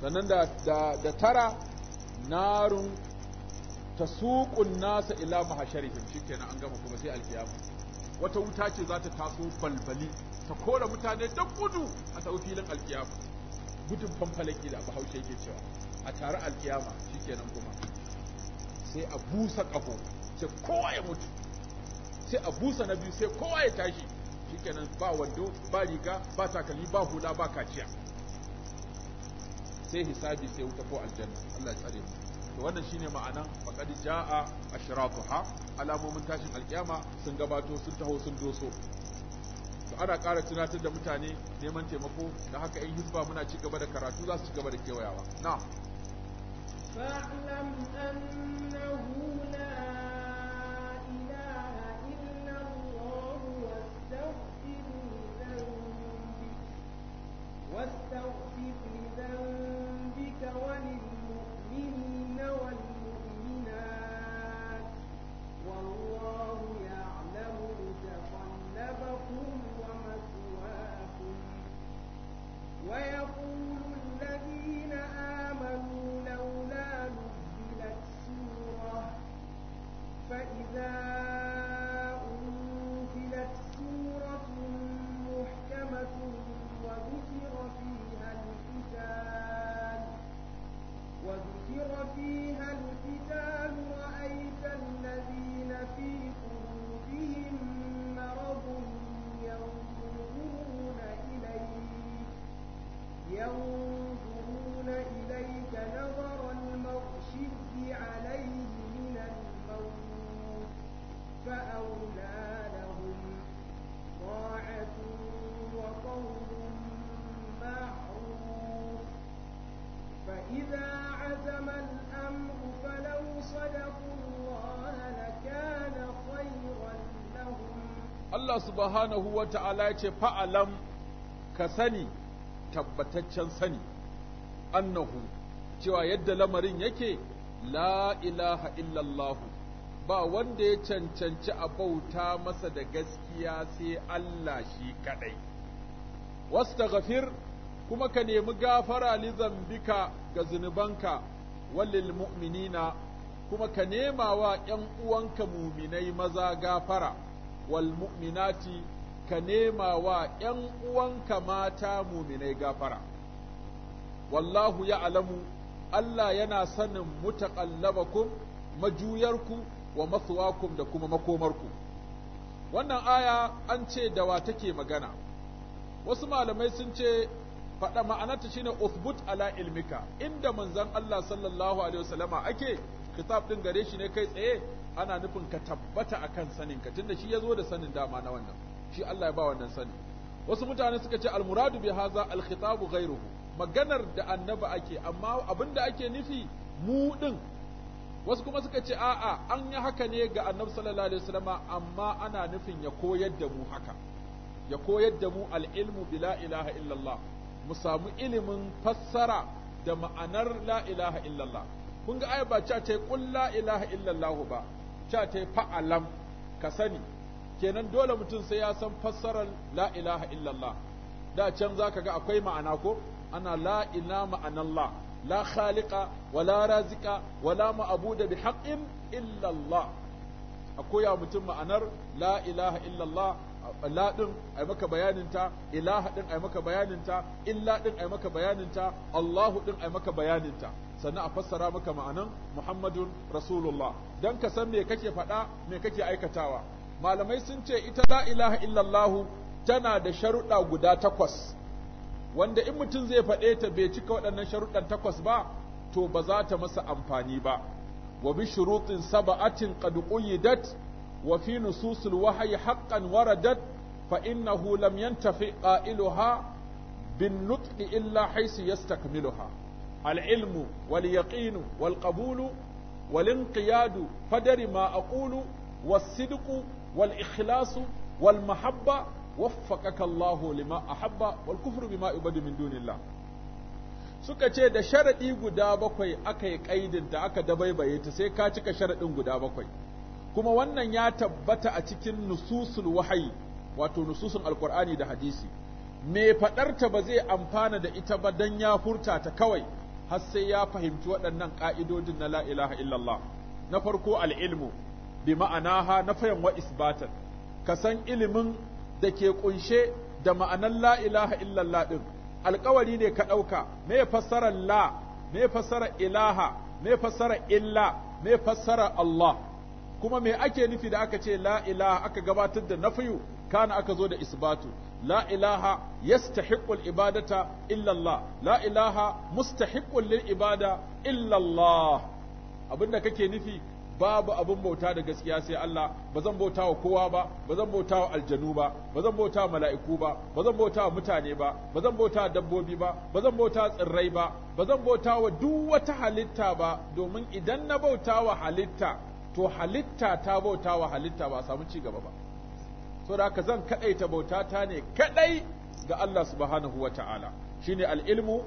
sannan da, da, tara narun tasuqun nasa ila mahsharihim shikenan an gama kuma sai alkiyama wata wuta ce za ta taso balbali ta kora mutane don gudu a tafi filin alkiyama gudun fanfalaki da bahaushe ke cewa a tare alkiyama shikenan kuma sai a busa ƙaho sai kowa ya mutu sai a busa na biyu sai kowa ya tashi kenan ba wando ba riga ba takalmi ba hula ba kaciya sai hisabi sai wuta ko aljanna Allah ya tsare mu to wannan shine ma'anan faqad jaa ashrafuha alamomin tashin alkiyama sun gabato sun taho sun doso ana ƙara tunatar da mutane neman taimako da haka in hizba muna ci gaba da karatu za su ci gaba da kewayawa na fa'lam annahu la ilaha Allah subhanahu wa ta'ala ya ce fa'alam ka sani tabbataccen sani annahu cewa yadda lamarin yake la ilaha illallahu, ba wanda ya cancanci a bauta masa da gaskiya sai Allah shi kadai wastaghfir kuma ka nemi gafara li zambika ga zunubanka walil mu'minina kuma ka nema wa ‘yan uwanka muminai maza gafara wal mu'minati ka nema wa ‘yan uwanka mata muminai gafara. Wallahu ya alamu, Allah yana sanin mutaƙallabakum, majuyarku wa masuwakum da kuma makomarku. Wannan aya an ce da wa take magana, wasu malamai sun ce faɗa ma'anarta shine uthbut ala ilmika, inda manzon Allah sallallahu Alaihi wasallama ake, kitab ɗin gare shi ne kai tsaye, ana nufin ka tabbata akan sanin ka tunda shi zo da sanin dama na wannan shi Allah ya ba wannan sani wasu mutane suka ce almuradu bi haza alkhitabu ghayruhu maganar da annaba ake amma abinda ake nufi mu din wasu kuma suka ce a'a an yi haka ne ga annabi sallallahu alaihi wasallama amma ana nufin ya koyar da mu haka ya koyar da mu al'ilmu bi la ilaha illallah mu samu ilimin fassara da ma'anar la ilaha illallah kun ga ai ba ce qul la ilaha illallah ba ta ta fa'alam ka sani kenan dole mutum sai ya san fassarar la ilaha illallah da can zaka ga akwai ma'ana ko ana la ila ma'anallah la khaliqa wala razika wala ma'budu bi haqqin illallah a koya mutum ma'anar la ilaha illallah la ɗin ai maka bayaninta. ta ilaha ɗin ai maka bayaninta. illa ɗin ai maka bayaninta. ta Allahu ɗin ai maka bayaninta. ta sannan a fassara maka ma'anan Muhammadun Rasulullah Don ka san me kake faɗa me kake aikatawa malamai sun ce ita la ilaha illallahu tana da sharuɗa guda takwas wanda in mutum zai faɗe ta bai cika waɗannan sharuɗan takwas ba to ba za ta masa amfani ba wa bi shurutin saba'atin qad quyidat وفي نصوص الوحي حقا وردت فإنه لم ينتفع قائلها بالنطق إلا حيث يستكملها العلم واليقين والقبول والانقياد فدر ما أقول والصدق والإخلاص والمحبة وفقك الله لما أحب والكفر بما يبدو من دون الله suka ce da sharaɗi guda bakwai aka yi ƙaidinta aka dabaibaye ta sai ka cika sharaɗin guda bakwai kuma wannan ya tabbata a cikin nususul wahayi wato nususun alkur'ani da hadisi me faɗarta ba zai amfana da ita ba dan ya furta ta kawai har sai ya fahimci waɗannan ƙa'idodin na la ilaha illallah na farko al'ilmu bi ma'anaha na fayan wa isbatan ka san ilimin da ke ƙunshe da ma'anar la ilaha illallah ɗin alkawari ne ka ɗauka me fassara la me fassara ilaha me fassara illa me fassara Allah kuma me ake nufi da aka ce la ilaha aka gabatar da nafiyu kana aka zo da isbatu la ilaha yastahiqqu ibadata illa Allah la ilaha mustahiqqu lil-ibada illa Allah abinda kake nufi babu abin bauta da gaskiya sai Allah ba zan bauta wa kowa ba ba zan bauta wa aljanu ba ba zan bauta wa mala'iku ba ba zan bauta wa mutane ba ba zan bauta wa dabbobi ba ba zan bauta wa tsirrai ba ba zan bauta wa duk wata halitta ba domin idan na bauta wa halitta to halitta ta bauta wa halitta ba a samu ci gaba ba da haka zan kadaita bauta ta ne kadai ga Allah subhanahu ta'ala shine al-ilmu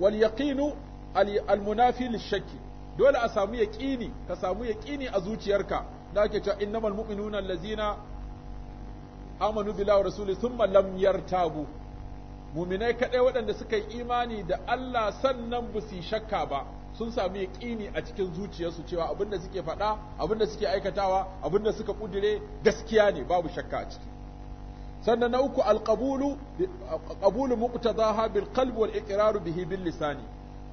wal yaqinu al munafi dole a samu yaqini ka samu yaqini a zuciyarka da ake cewa innamal mu'minuna allazina amanu billahi wa rasuli thumma lam tabu. muminai kadai waɗanda suka yi imani da Allah sannan ba su shakka ba sun sami yaƙini a cikin zuciyarsu cewa abinda suke faɗa abinda suke aikatawa abin da suka ƙudire gaskiya ne babu shakka a ciki sannan na uku alqabulu qabulu ha bil qalb wal iqrar bihi bil lisani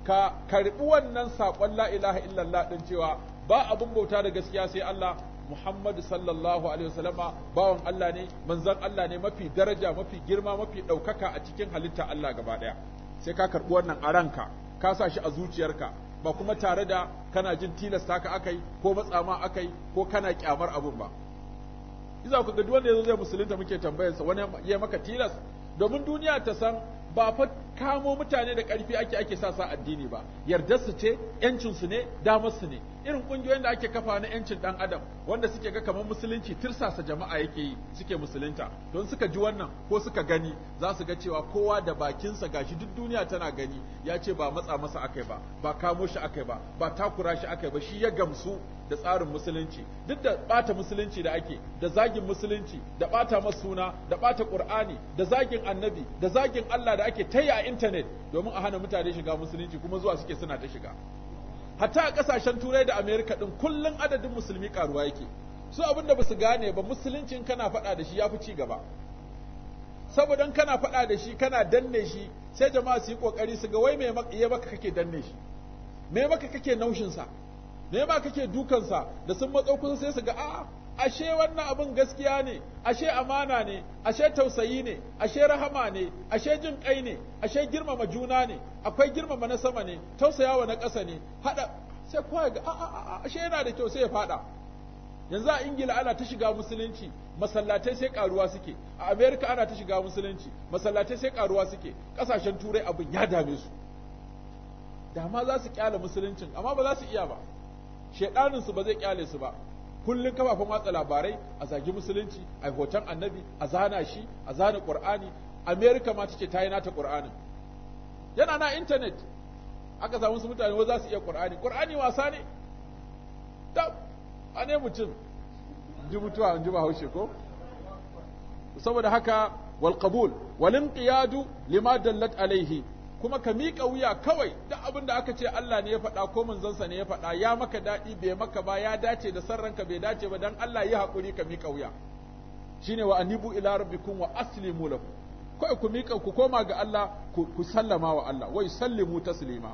ka karbi wannan saƙon la ilaha illallah din cewa ba abin bauta da gaskiya sai Allah Muhammadu sallallahu alaihi wasallama bawan Allah ne manzon Allah ne mafi daraja mafi girma mafi ɗaukaka a cikin halitta Allah gaba ɗaya sai ka karɓi wannan a ranka ka sa shi a zuciyarka ba kuma tare da kana jin tilasta ka akai ko matsama akai ko kana kyamar abun ba iza ku ga duk wanda yazo zai musulunta muke tambayarsa wani ya maka tilas domin duniya ta san ba fa kamo mutane da karfi ake ake sa sa addini ba yardar su ce yancin su ne damar su ne irin kungiyoyin da ake kafa na yancin dan adam wanda suke ga kamar musulunci tirsasa jama'a yake yi suke musulunta don suka ji wannan ko suka gani za su ga cewa kowa da bakinsa gashi duk duniya tana gani ya ce ba matsa masa akai ba ba kamo shi akai ba ba takura shi akai ba shi ya gamsu da tsarin musulunci duk da bata musulunci da ake da zagin musulunci da bata masuna da bata qur'ani da zagin annabi da zagin Allah da ake taya a intanet domin a hana mutane shiga musulunci kuma zuwa suke suna ta shiga hatta a kasashen turai da amerika din kullum adadin musulmi karuwa yake su abinda ba su gane ba musuluncin kana faɗa da shi ya fi ci gaba saboda kana faɗa da shi kana danne shi sai jama'a su yi kokari su ga wai me ya maka kake danne shi me maka kake naushin sa me ma kake dukan sa da sun matso kusa sai su ga a'a ashe wannan abin gaskiya ne ashe amana ne ashe tausayi ne ashe rahama ne ashe jin kai ne ashe girmama juna ne akwai girmama na sama ne tausayawa na ƙasa ne hada sai kowa ga a ashe yana da kyau sai ya fada yanzu a ingila ana ta shiga musulunci masallatai sai karuwa suke a america ana ta shiga musulunci masallatai sai karuwa suke kasashen turai abin ya dame su dama za su kyale musuluncin amma ba za su iya ba shedanin ba zai kyale su ba kullum kafafen watsa labarai a zagi musulunci a hoton annabi a zana shi a zana qur'ani america ma tace ta yi nata qur'anin yana na internet aka samu su mutane wanda za su iya qur'ani qur'ani wasa ne ta a ne mutum ji mutuwa in ji haushe ko saboda haka wal qabul wal inqiyadu lima dallat alaihi kuma ka miƙa wuya kawai duk abin da aka ce Allah ne ya faɗa ko manzansa ne ya faɗa ya maka daɗi bai maka ba ya dace da sarranka bai dace ba dan Allah ya haƙuri ka miƙa wuya shine wa anibu ila rabbikum wa aslimu lahu kai ku miƙa ku koma ga Allah ku sallama wa Allah wai sallimu taslima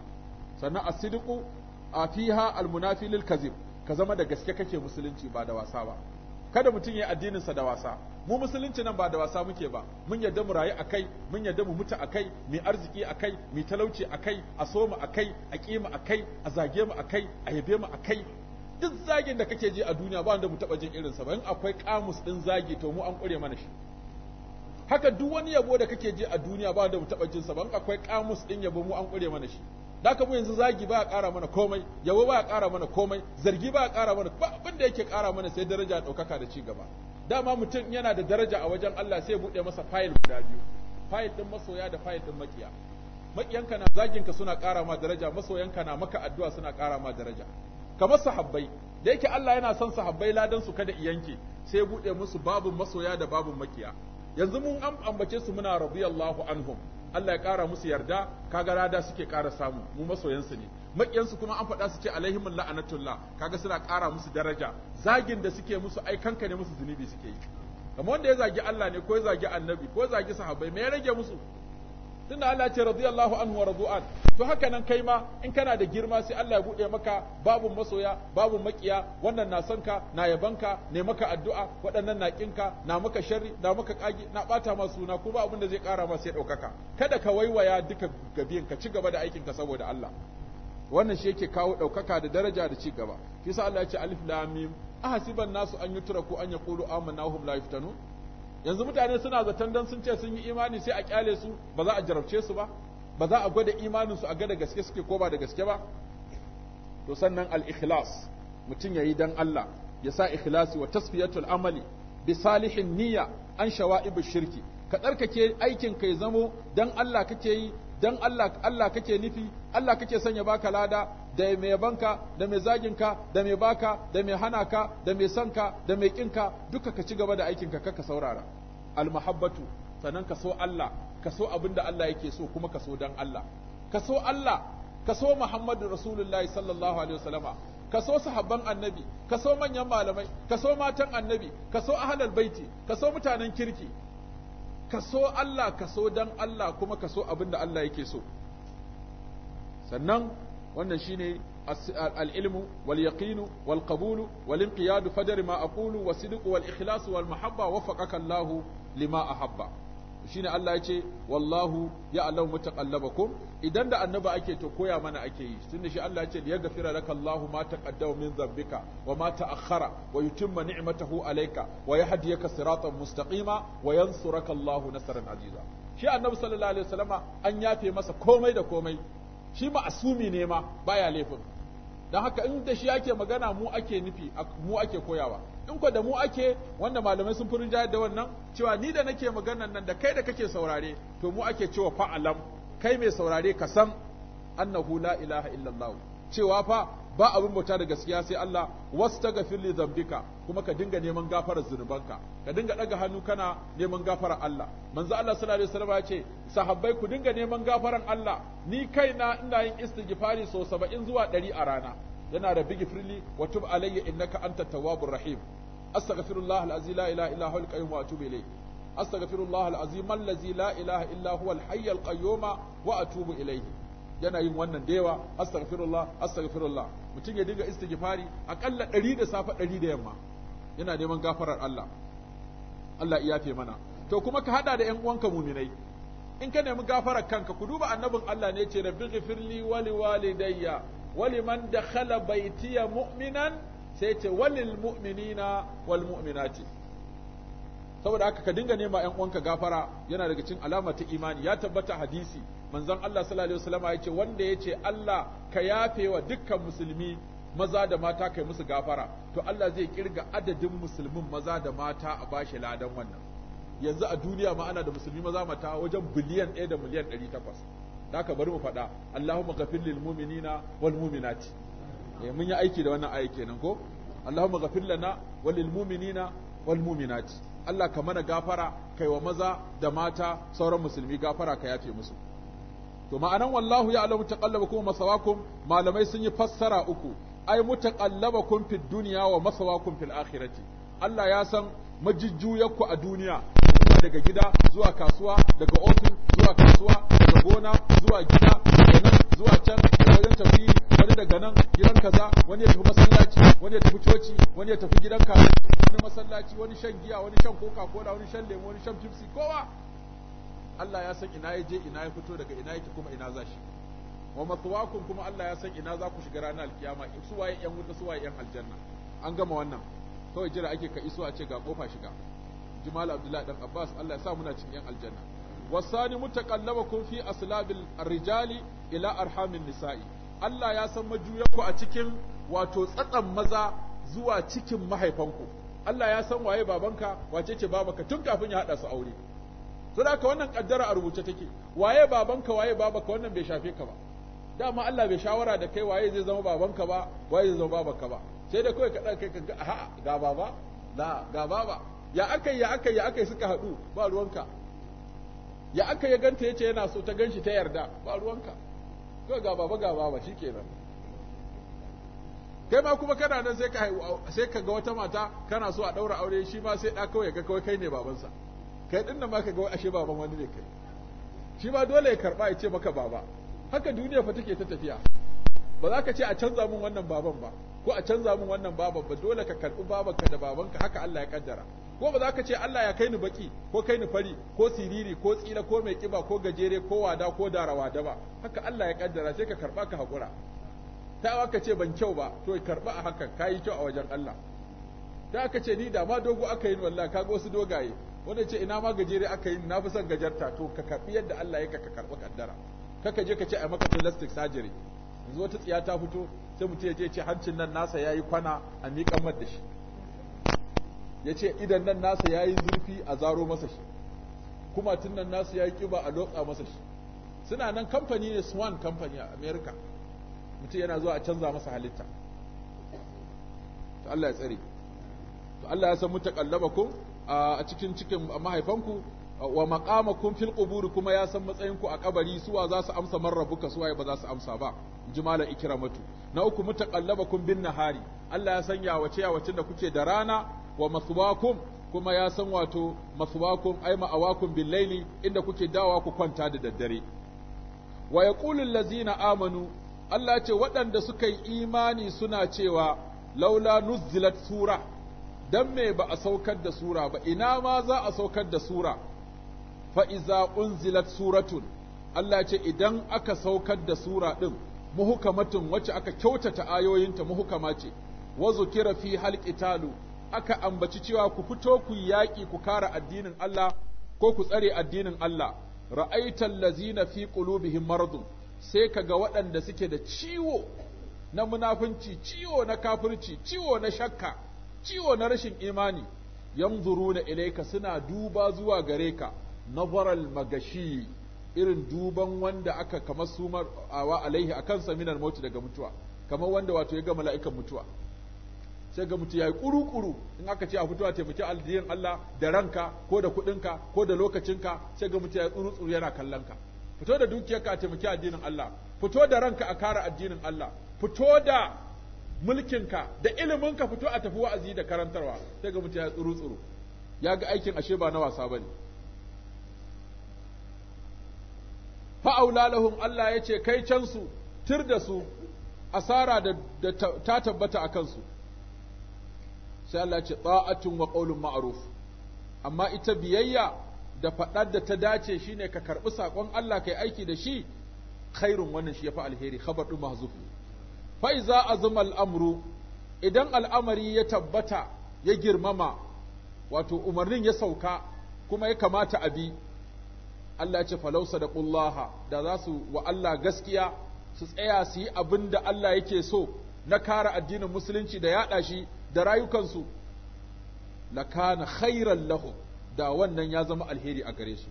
sannan as a fiha al lil kazib ka zama da gaske kake musulunci ba da wasa ba kada mutum ya addinin sa da wasa mu musulunci nan ba da wasa muke ba mun yarda mu rayu akai mun yarda mu mutu akai mai arziki akai mai talauci akai a so mu akai a kima akai a zage mu akai a yabe mu akai duk zagin da kake ji a duniya ba wanda mu taba jin irin sa ba in akwai kamus din zagi to mu an kure mana shi haka duk wani yabo da kake ji a duniya ba wanda mu taba jin sa ba in akwai kamus din yabo mu an kure mana shi da ka bu yanzu zagi ba a ƙara mana komai yawo ba a ƙara mana komai zargi ba a ƙara mana ba abin da yake ƙara mana sai daraja ɗaukaka da ci gaba dama mutum yana da daraja a wajen Allah sai buɗe masa fayil guda biyu fayil ɗin masoya da fayil ɗin makiya makiyanka na zaginka suna ƙara ma daraja masoyanka na maka addu'a suna ƙara ma daraja kamar sahabbai da yake Allah yana son sahabbai ladan su kada iyanke sai buɗe musu babun masoya da babun makiya yanzu mun ambace su muna radiyallahu anhum Allah ya ƙara musu yarda kaga rada suke ƙara samu mu masoyansu ne maƙiyansu kuma an faɗa su ce alaihim la'anatullah kaga suna ƙara musu daraja zagin da suke musu ai kanka ne musu zunubi suke yi kamar wanda ya zagi Allah ne ko ya zagi annabi ko ya zagi sahabbai me ya rage musu tunda Allah ya ce radiyallahu anhu wa radu'an to haka nan kai ma in kana da girma sai Allah ya bude maka babu masoya babu makiya wannan na son ka na yabanka ne maka addu'a waɗannan na kinka na maka sharri na maka kagi na bata ma suna ko ba abin da zai kara ma sai daukaka kada ka waiwaya duka gabiyan ka ci gaba da aikin ka saboda Allah wannan shi yake kawo daukaka da daraja da ci gaba kisa Allah ya ce alif lam mim ahasiban nasu an yutraku an yaqulu amanna hum la yuftanun yanzu mutane suna zaton don sun ce sun yi imani sai a kyale su ba za a jarabce su ba ba za a gwada imanin su a ga da gaske suke ko ba da gaske ba to sannan al-ikhlas mutum yayi dan Allah ya sa ikhlasi wa tasfiyatul amali bi salihin niyya an shawa'ibush shirki ka tsarkake aikin ya zamo dan Allah kake yi dan Allah Allah kake nufi Allah kake son ya baka lada da mai yabanka da mai zaginka da mai baka da mai hana ka da mai son ka da mai kinka duka ka ci gaba da aikin ka kaka saurara al mahabbatu sanan ka so Allah ka so abinda Allah yake so kuma ka so dan Allah ka so Allah ka so Muhammadu Rasulullahi sallallahu alaihi wasallama ka so sahabban annabi ka so manyan malamai ka so matan annabi ka so ahlal baiti ka so mutanen kirki ka so Allah ka so dan Allah kuma ka so abin da Allah yake so sannan wannan shine al-ilmu wal yaqinu wal qabulu wal inqiyadu fadar ma wa sidqu wal ikhlasu wal mahabba waffaqaka lima, a habba. shine Allah ya ce wallahu ya'lamu mutaqallabakum idan da annaba ake to koya mana ake yi tunda shi Allah ya ce yaghfira laka Allahu ma taqaddama min dhanbika wa ma ta'akhkhara wa yutimma ni'matahu alayka wa yahdiyaka siratan mustaqima wa yansuraka Allahu nasran aziza shi annabi sallallahu alaihi wasallama an yafe masa komai da komai shi ma asumi ne ma baya laifin dan haka in da shi ake magana mu ake nufi mu ake koyawa in ko da mu ake wanda malamai sun furin jayar da wannan cewa ni da nake magana nan da kai da kake saurare to mu ake cewa fa'alam kai mai saurare ka san annahu la ilaha illallah cewa fa ba abin bauta da gaskiya sai Allah wastaghfir li dhanbika kuma ka dinga neman gafarar zunubanka ka dinga daga hannu kana neman gafarar Allah manzo Allah sallallahu alaihi wasallam ya ce sahabbai ku dinga neman gafaran Allah ni kaina ina yin istighfari so 70 zuwa 100 a rana yana da bigi firli wa tub alayya innaka anta tawwabur rahim astaghfirullah alazim la ilaha illa huwal qayyum wa atubu ilayh astaghfirullah alazim allazi la ilaha illa huwal hayyul qayyum wa atubu ilayh yana yin wannan da yawa astaghfirullah astaghfirullah mutum ya dinga istighfari akalla 100 da safa 100 da yamma yana neman gafarar Allah Allah iya fi mana to kuma ka hada da ƴan uwanka muminai in ka nemi gafarar kanka ku duba annabin Allah ne ce rabbi ghfirli wa liwalidayya waliman dakhala baitiya mu'minan sai ce walil mu'minina wal mu'minati saboda haka ka dinga nema ƴan uwanka gafara yana daga cikin alama ta imani ya tabbata hadisi manzon Allah sallallahu alaihi wasallam ya ce wanda yace Allah ka yafe wa dukkan musulmi maza da mata kai musu gafara to Allah zai kirga adadin musulmin maza da mata a bashi ladan wannan yanzu a duniya ma ana da musulmi maza mata wajen biliyan 1 da miliyan 800 da aka bari mu faɗa Allahumma ghafir lil mu'minina wal mu'minati eh mun yi aiki da wannan ayi kenan ko Allahumma ghafir lana wal lil mu'minina wal mu'minati Allah ka mana gafara kai wa maza da mata sauran musulmi gafara ka yafe musu to ma'anan wallahu ya'lamu taqallabakum wa masawakum malamai sun yi fassara uku ai mutaqallabakum fid dunya wa masawakum fil akhirati Allah ya san majijjuyarku a duniya daga gida zuwa kasuwa daga ofis zuwa kasuwa daga gona zuwa gida daga nan zuwa can daga wajen tafi wani daga nan gidan kaza wani ya tafi masallaci wani ya tafi coci wani ya tafi gidan kaza wani masallaci wani shan giya wani shan coca cola wani shan lemu wani shan pepsi kowa Allah ya san ina ya je ina ya fito daga ina yake kuma ina za shi wa matwakun kuma Allah ya san ina za ku shiga ranar alkiyama su waye yan wuta su waye yan aljanna an gama wannan kawai jira ake ka iso a ce ga kofa shiga Jumala Abdullahi dan Abbas Allah ya sa muna cikin yan aljanna wasani mutaqallabakum fi aslabil rijali ila arhamin nisa'i Allah ya san majuyanku a cikin wato tsatsan maza zuwa cikin mahaifanku Allah ya san waye babanka wace ce babanka tun kafin ya hada su aure ka wannan kaddara a rubuce take waye babanka waye babanka wannan bai shafe ka ba dama Allah bai shawara da kai waye zai zama babanka ba waye zai zama babanka ba sai da kawai ka dan kai ka ha ga baba la ga baba ya akai ya akai ya akai suka hadu ba ruwanka ya aka ya ganta yace yana so ta ganshi ta yarda ba ruwanka to ga baba ga baba kai ma kuma kana nan sai ka sai ka ga wata mata kana so a ɗaura aure shi ma sai da kawai ga kawai kai ne babansa kai din nan ma ka ga ashe baban wani ne kai shi ma dole ya karba ya ce maka baba haka duniya fa take ta tafiya ba za ka ce a canza mun wannan baban ba ko a canza min wannan baban ba dole ka karbi babanka da babanka haka Allah ya kaddara ko ba za ka ce Allah ya kai ni baki ko kai ni fari ko siriri ko tsila ko mai kiba ko gajere ko wada ko darawa da ba haka Allah ya kaddara sai ka karba ka hakura ta aka ce ban kyau ba to karba a haka kayi kyau a wajen Allah ta aka ce ni da ma dogo aka yi wallahi ga wasu dogaye wanda ce ina ma gajere aka yi na fi son gajarta to ka karbi yadda Allah ya ka karba kaddara kaka je ka ce a maka plastic surgery yanzu wata tsiya ta fito sai mutum ya je ce hancin nan nasa yayi kwana a miƙan mar da shi ya ce idan nan nasa ya yi zurfi a zaro masa shi kuma tun nan nasa ya yi ƙiba a lotsa masa shi suna nan kamfani ne swan kamfani a america mutum yana zuwa a canza masa halitta to Allah ya tsare to Allah ya san mutakallabakum a cikin cikin mahaifanku wa maqamakum fil qubur kuma ya san matsayin ku a kabari suwa za su amsa man rabbuka suwa ba za su amsa ba jimala ikramatu na uku mutaqallabakum bin nahari Allah ya sanya wace wacin da kuke da rana wa maswakum kuma ya san wato maswakum ay ma'awakum bil laili inda kuke dawa ku kwanta da daddare wa yaqulu allazina amanu Allah ce waɗanda suka yi imani suna cewa laula nuzzilat sura dan me ba a saukar da sura ba ina ma za a saukar da sura fa'iza unzilat suratun, Allah ce idan aka saukar da sura ɗin, muhukamatun wacce aka kyautata ayoyinta muhukama ce, wazu kira fi halƙitalu, aka ambaci cewa ku fito ku yaƙi ku kara addinin Allah ko ku tsare addinin Allah, ra'aitan lazina fi ƙulubihim maradun, sai ka ga waɗanda suke da ciwo na munafunci, ciwo na kafirci, ciwo na shakka, ciwo na rashin imani, yanzuruna ilaika suna duba zuwa gare ka. nazaral magashi irin duban wanda aka kama sumar awa alaihi akan saminar mota daga mutuwa kamar wanda wato ya ga mala'ikan mutuwa sai ga mutu yayi kuru-kuru in aka ce a fito a taimaki addinin Allah da ranka ko da kuɗinka ko da lokacinka sai ga mutu yayi tsuru-tsuru yana kallon ka fito da dukiyarka a taimaki addinin Allah fito da ranka a kara addinin Allah fito da mulkinka da iliminka fito a tafi wa'azi da karantarwa sai ga mutu yayi tsuru-tsuru ya ga aikin ashe ba na wasa bane fa'aula Allah ya ce kai can su tir da su asara da ta tabbata a kansu sai Allah ce ta'atun wa qaulun ma'ruf amma ita biyayya da faɗar da ta dace shine ka karɓi saƙon Allah kai aiki da shi khairun wannan shi ya fi alheri khabar ɗin mahzuf fa iza zama al'amuru idan al'amari ya tabbata ya girmama wato umarnin ya sauka kuma ya kamata a bi Allah ce da sadaqullaha da za su wa Allah gaskiya su tsaya su yi abin da Allah yake so na kare addinin musulunci da yaɗa shi da rayukansu lakana khairan lahum da wannan ya zama alheri a gare su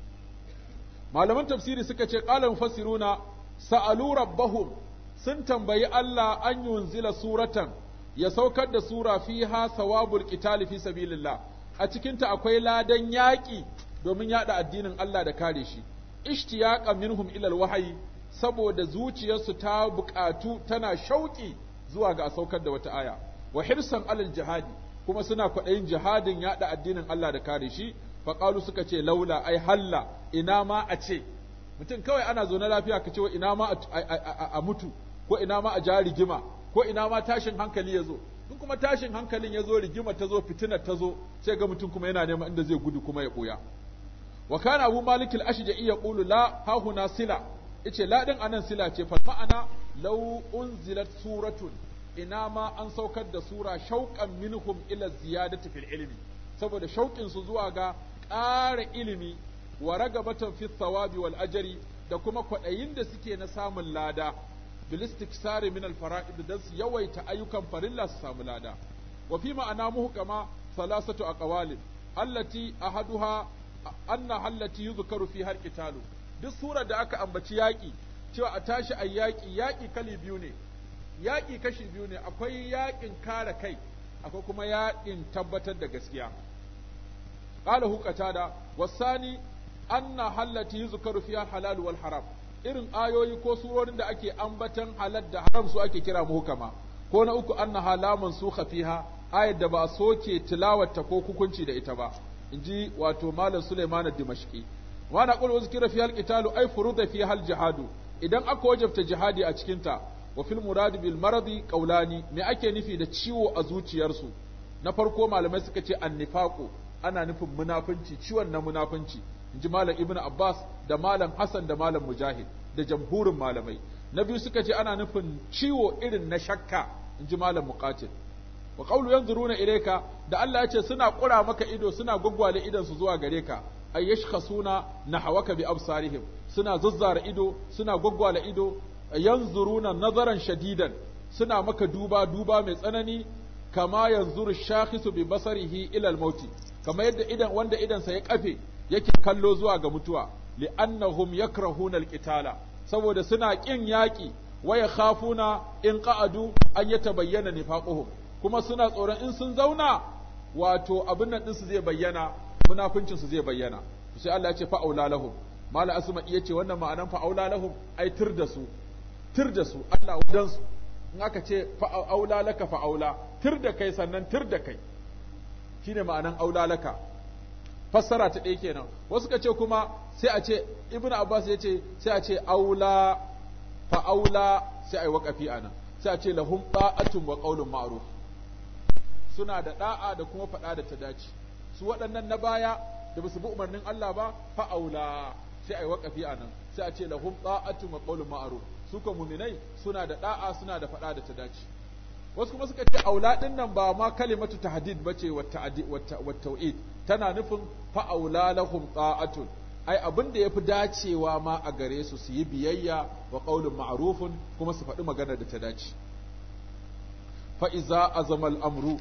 malaman tafsiri suka ce qala mufassiruna sa'alu rabbahum sun tambayi Allah an yunzila suratan ya saukar da sura fiha sawabul qitali fi sabilillah a cikinta akwai ladan yaƙi domin yada addinin Allah da kare shi ishtiyaqa minhum ila alwahyi saboda zuciyarsu ta buƙatu tana shauki zuwa ga saukar da wata aya wa hirsan alal jihadi kuma suna kwaɗayin jihadin yaɗa addinin Allah da kare shi faƙalu suka ce laula ai halla ina ma a ce mutum kawai ana zo na lafiya ka ce ina ma a mutu ko ina ma a ja rigima ko ina ma tashin hankali ya zo in kuma tashin hankalin ya zo rigima ta zo fitina ta zo sai ga mutum kuma yana neman inda zai gudu kuma ya ɓuya wa kana abu malik al iya yaqulu la ha huna sila yace la din anan sila ce fa ma'ana law unzilat suratun ina ma an saukar da sura shauqan minhum ila ziyadati fil ilmi saboda shauƙin su zuwa ga ƙara ilimi wa ragabatan fi thawabi wal ajri da kuma kwaɗayin da suke na samun lada bilistikisari min faraid dan su yawaita ayyukan farilla su samu lada wa fi ma'ana muhkama salasatu aqwalin allati ahaduha anna hallati yuzkaru fi har qitalu duk surar da aka ambaci yaki cewa a tashi a yaƙi yaƙi kali biyu ne yaki kashi biyu ne akwai yaƙin kare kai akwai kuma yaƙin tabbatar da gaskiya qala huqatada wasani anna hallati yuzkaru fi halal wal haram irin ayoyi ko surorin da ake ambatan halal da haram su ake kira mu hukama ko na uku anna halaman su khafiha ayat da ba soke tilawarta ko hukunci da ita ba inji wato malam Sulaiman Dimashqi wa na qul uzkira fi al qital ay furuda fi hal jihadu idan aka wajabta jihadi a cikin ta wa fil murad bil maradi qawlani me ake nufi da ciwo a zuciyarsu na farko malamai suka ce annifaqu ana nufin munafunci ciwon na munafunci inji malam ibn abbas da malam Hassan da malam mujahid da jamhurin malamai na biyu suka ce ana nufin ciwo irin na shakka inji malam muqatil wa qawlu yanzuruna ilayka da Allah ya ce suna kura maka ido suna gwaggwale idan su zuwa gare ka ay yashkhasuna nahawaka bi absarihim suna zuzzara ido suna gwaggwale ido yanzuruna nazaran shadidan suna maka duba duba mai tsanani kama yanzuru shakhisu bi basarihi ila al-mauti kama yadda idan wanda idansa ya kafe yake kallo zuwa ga mutuwa li'annahum yakrahuna al saboda suna kin yaki waya khafuna in qa'adu an yatabayyana nifaquhum kuma suna tsoron in sun zauna wato abin nan ɗinsu zai bayyana su zai bayyana sai Allah ya ce fa'aula lahum mala asma iya ce wannan ma'anan fa'aula lahum ai tir da su tir da su Allah wadan su in aka ce fa'aula laka fa'aula tir da kai sannan tir da kai shine ma'anan aula laka fassara ta ɗaya kenan wasu ka ce kuma sai a ce ibnu abbas ya ce sai a ce aula fa'aula sai ai waƙafi anan sai a ce lahum ba'atun wa qaulun ma'ruf suna da da'a da kuma faɗa da ta dace su waɗannan na baya da basu bi umarnin Allah ba aula sai ai waqafi anan sai a ce lahum ta'atu wa qawlu ma'ruf su ko mu'minai suna da da'a suna da faɗa da ta dace wasu kuma suka ce aula din nan ba ma kalimatu tahdid bace wa ta'di wa tau'id tana nufin fa'aula lahum ta'atu ai abin da yafi dacewa ma a gare su su yi biyayya wa qawlu ma'rufun kuma su faɗi magana da ta dace fa iza azama al-amru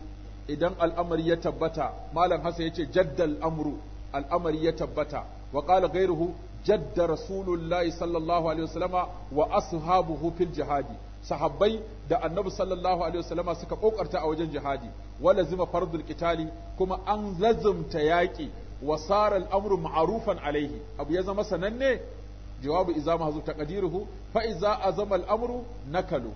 idan al'amari ya tabbata malam hasa yace jaddal amru al'amari ya tabbata wa ƙala gairuhu jadda rasulullahi sallallahu alaihi wasallama wa ashabuhu fil jihadi sahabbai da annabi sallallahu alaihi wasallama suka kokarta a wajen jihadi wala lazima fardul qitali kuma an lazumta yaki wa sara amru ma'rufan alaihi abu ya zama sananne jawabu izama mahzu taqdiruhu fa iza azama al'amru nakalu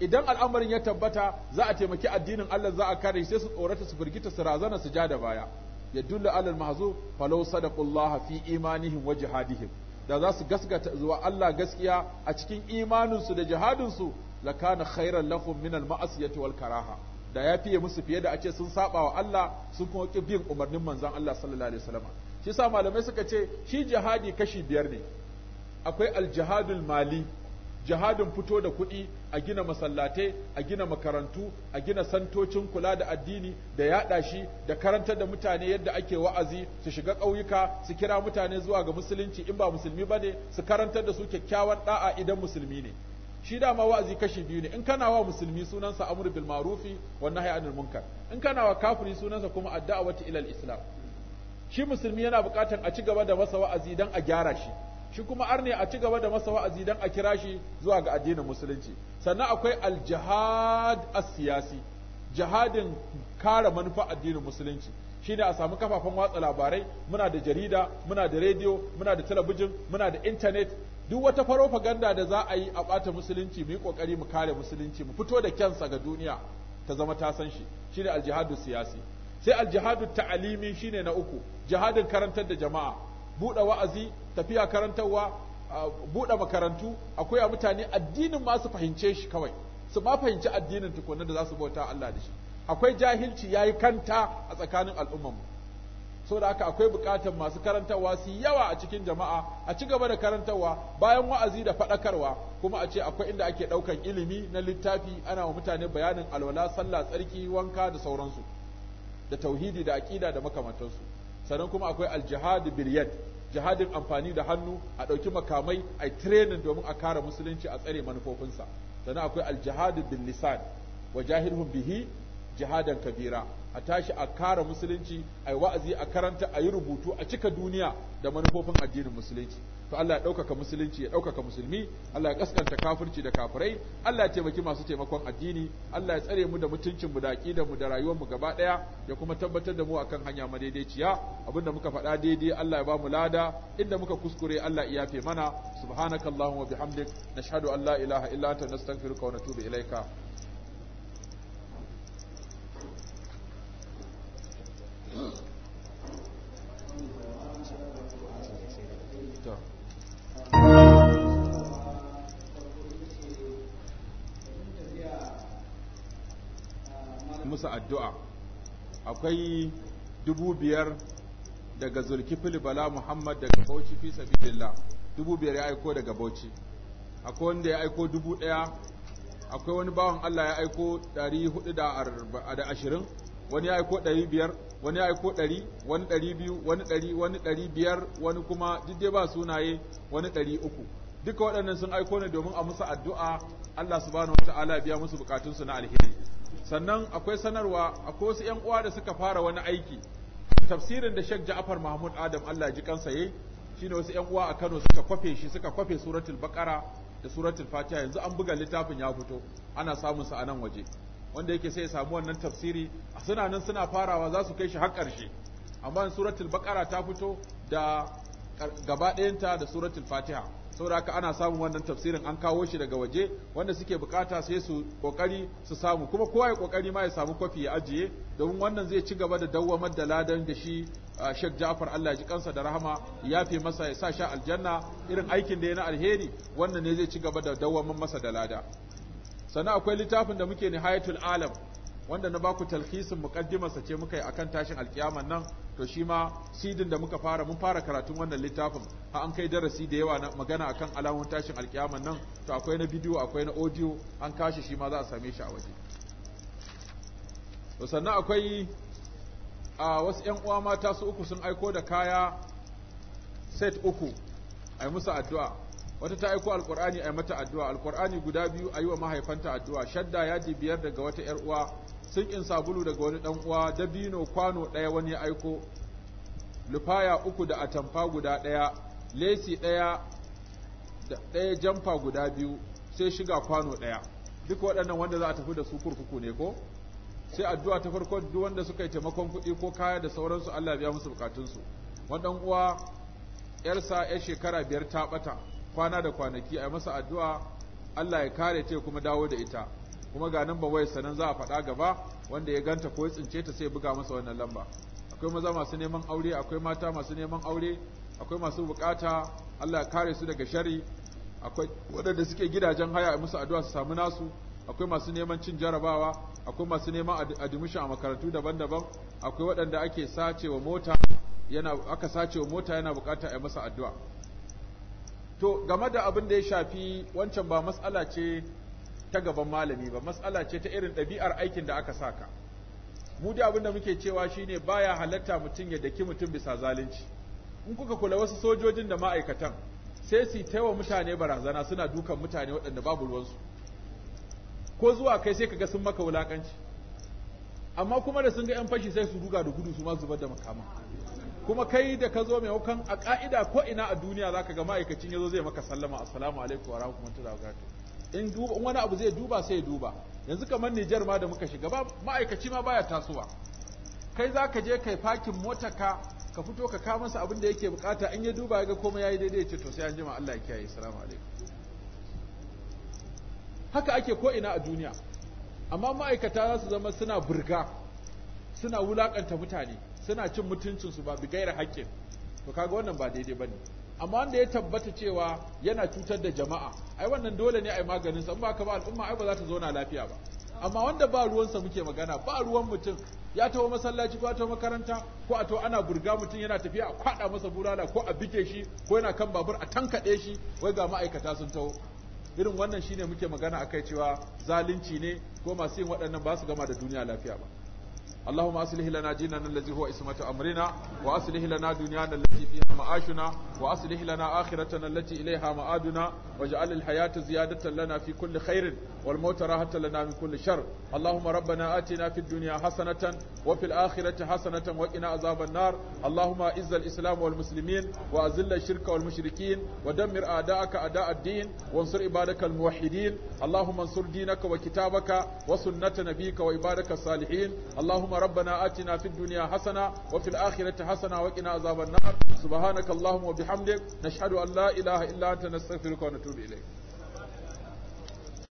idan al'amarin ya tabbata za a taimaki addinin Allah za a kare sai su tsorata su firgita su razana su ja da baya Ya yadullu alal mahzu falau sadaqullah fi imanihim wa jihadihim da za su gaskata zuwa Allah gaskiya a cikin imanin su da jihadin su lakana khairan lahum min al ma'asiyati wal karaha da ya fiye musu fiye da a ce sun saba wa Allah sun kuma ki bin umarnin manzon Allah sallallahu alaihi wasallam shi yasa malamai suka ce shi jihadi kashi biyar ne akwai al jihadul mali jihadin fito da kuɗi a gina masallatai a gina makarantu a gina santocin kula da addini da yaɗa shi da karantar da mutane yadda ake wa'azi su shiga ƙauyuka su kira mutane zuwa ga musulunci in ba musulmi ba ne su karantar da su kyakkyawan ɗa'a idan musulmi ne shi dama wa'azi kashi biyu ne in kana wa musulmi sunansa amuru bil ma'rufi wa nahyi anil munkar in kana wa kafiri sunansa kuma Addu'a wata ilal islam shi musulmi yana buƙatar a ci gaba da masa wa'azi dan a gyara shi shi kuma ar ne a ci gaba da masa wa'azi dan a kira shi zuwa ga addinin musulunci sannan akwai al as-siyasi jihadin kare manufa addinin musulunci shine a samu kafafen watsa labarai muna da jarida muna da rediyo muna da talabijin muna da intanet duk wata farofaganda da za a yi a bata musulunci mu yi kokari mu kare musulunci mu fito da kyansa ga duniya ta zama ta san shi shine aljihadu siyasi sai aljihadu ta'alimi shine na uku jihadin karantar da jama'a buɗe wa'azi tafiya karantarwa buɗe makarantu akwai a mutane addinin masu fahimce shi kawai su ma fahimci addinin tukunna da za su bauta Allah da shi akwai jahilci ya yi kanta a tsakanin al'ummar mu saboda aka akwai bukatar masu karantarwa su yawa a cikin jama'a a ci gaba da karantarwa bayan wa'azi da faɗakarwa kuma a ce akwai inda ake ɗaukan ilimi na littafi ana wa mutane bayanin alwala sallah tsarki wanka da sauransu da tauhidi da aƙida da makamantansu sannan kuma akwai aljihad yad jihadin amfani da hannu a ɗauki makamai a yi training domin a kare musulunci a tsare manufofinsa sannan akwai aljihadu bin lisan wa jahilhum bihi jihadan kabira a tashi a kare musulunci a wa'azi a karanta a yi rubutu a cika duniya da manufofin addinin musulunci to Allah ya ɗaukaka musulunci ya ɗaukaka musulmi Allah ya kaskanta kafirci da kafirai Allah ya taimaki masu taimakon addini Allah ya tsare mu da mutuncin mu da aqidar mu da rayuwar mu gaba ɗaya ya kuma tabbatar da mu akan hanya madaidaiciya abinda muka faɗa daidai Allah ya ba mu lada inda muka kuskure Allah ya yafe mana wa bihamdik nashhadu an la ilaha illa anta nastaghfiruka wa natubu ilaika musu addu'a akwai dubu biyar daga zulkifil bala muhammad daga bauchi fi sabilillah dubu biyar ya aiko daga bauchi akwai wanda ya aiko dubu ɗaya akwai wani bawan allah ya aiko dari hudu da ashirin wani ya aiko dari biyar wani ya aiko dari, wani dari biyu wani dari wani dari biyar wani kuma duk ba sunaye wani dari uku duka waɗannan sun aiko ne domin a musu addu'a Allah subhanahu wa ta'ala biya musu bukatunsu na alheri sannan akwai sanarwa akwai wasu 'yan uwa da suka fara wani aiki tafsirin da Sheikh Ja'afar Mahmud Adam Allah ji kansa Shi ne wasu 'yan uwa a Kano suka kwafe shi suka kwafe suratul Baqara da suratul Fatiha yanzu an buga littafin ya fito ana samun sa a nan waje wanda yake sai ya samu wannan tafsiri suna nan suna farawa za su kai shi har ƙarshe amma suratul Baqara ta fito da gaba ɗayanta da suratul Fatiha saboda haka ana samun wannan tafsirin an kawo shi daga waje wanda suke bukata sai su kokari su samu kuma kowa ya kokari ma ya samu kwafi ya ajiye domin wannan zai ci gaba da dawwamar da ladan da shi Sheikh Ja'far Allah ji kansa da rahama ya fi masa ya sa sha aljanna irin aikin da ya na alheri wannan ne zai ci gaba da dawwamar masa da lada sannan akwai littafin da muke ni alam wanda na baku talhisin muqaddimarsa ce muka yi akan tashin alkiyama nan to shi ma sidin da muka fara mun fara karatun wannan littafin har an kai darasi da yawa na magana akan alamun tashin alkiyama nan to akwai na bidiyo akwai na audio an kashi shi ma za a same shi a waje to sannan akwai a wasu ƴan uwa mata su uku sun aiko da kaya set uku ai musu addu'a wata ta aiko alqur'ani ai mata addu'a alqur'ani guda biyu ayi wa mahaifanta addu'a shadda yadi biyar daga wata 'yar uwa Sun sinkin sabulu daga wani dan uwa dabino kwano ɗaya wani aiko lufaya uku da atamfa guda ɗaya lesi ɗaya da ɗaya jamfa guda biyu sai shiga kwano ɗaya duk waɗannan wanda za a tafi da su kurkuku ne ko sai addu'a ta farko duk wanda suka yi taimakon kuɗi ko kaya da sauransu Allah ya biya musu bukatunsu wannan uwa yarsa yar shekara biyar ta bata kwana da kwanaki a masa addu'a Allah ya kare ta kuma dawo da ita kuma ga nan ba wayar sanan za a faɗa gaba wanda ya ganta ko ya tsince ta sai buga masa wannan lamba akwai maza masu neman aure akwai mata masu neman aure akwai masu bukata Allah ya kare su daga shari akwai wadanda suke gidajen haya musu addu'a su samu nasu akwai masu neman cin jarabawa akwai masu neman admission a makarantu daban-daban akwai wadanda ake sacewa mota yana aka sacewa mota yana bukata a masa addu'a to game da abin da ya shafi wancan ba mas'ala ce ta gaban malami ba matsala ce ta irin ɗabi'ar aikin da aka saka mu da abinda muke cewa shine baya halatta mutum ya daki mutum bisa zalunci in kuka kula wasu sojojin da ma'aikatan sai su taiwa mutane barazana suna dukan mutane waɗanda babu ruwansu ko zuwa kai sai kaga sun maka wulakanci amma kuma da sun ga 'yan fashi sai su ruga da gudu su ma zubar da makama kuma kai da ka zo mai hukan a ka'ida ko ina a duniya zaka ga ma'aikacin yazo zai maka sallama assalamu alaikum wa rahmatullahi wa barakatuh in duba wani abu zai duba sai ya duba yanzu kamar Nijar ma da muka shiga ba ma'aikaci ma baya tasowa kai zaka je kai fakin mota ka ka fito ka kawo masa abin da yake bukata in ya duba ga komai yayi daidai ce to sai an jima Allah ya kiyaye assalamu alaikum haka ake ko ina a duniya amma ma'aikata za su zama suna burga suna wulakanta mutane suna cin mutuncinsu ba bi gaira hakkin to kaga wannan ba daidai bane amma wanda ya tabbata cewa yana cutar da jama'a ai wannan dole ne ai maganin sa in ba ka ba al'umma ai ba za ta zauna lafiya ba amma wanda ba ruwan sa muke magana ba ruwan mutum ya taho masallaci ko a makaranta ko a taho ana burga mutum yana tafiya a kwada masa burala ko a bike shi ko yana kan babur a tankaɗe shi wai ga ma'aikata sun taho irin wannan shine muke magana akai cewa zalunci ne ko masu yin waɗannan ba su gama da duniya lafiya ba اللهم أصلح لنا ديننا الذي هو اسمة أمرنا وأصلح لنا دنيانا التي فيها معاشنا وأصلح لنا آخرتنا التي إليها مآدنا واجعل الحياة زيادة لنا في كل خير والموت راحة لنا من كل شر اللهم ربنا آتنا في الدنيا حسنة وفي الآخرة حسنة وقنا عذاب النار اللهم أعز الإسلام والمسلمين وأذل الشرك والمشركين ودمر أعداءك أعداء الدين وانصر عبادك الموحدين اللهم انصر دينك وكتابك وسنة نبيك وعبادك الصالحين اللهم اللهم ربنا آتنا في الدنيا حسنة وفي الآخرة حسنة وقنا عذاب النار سبحانك اللهم وبحمدك نشهد أن لا إله إلا أنت نستغفرك ونتوب إليك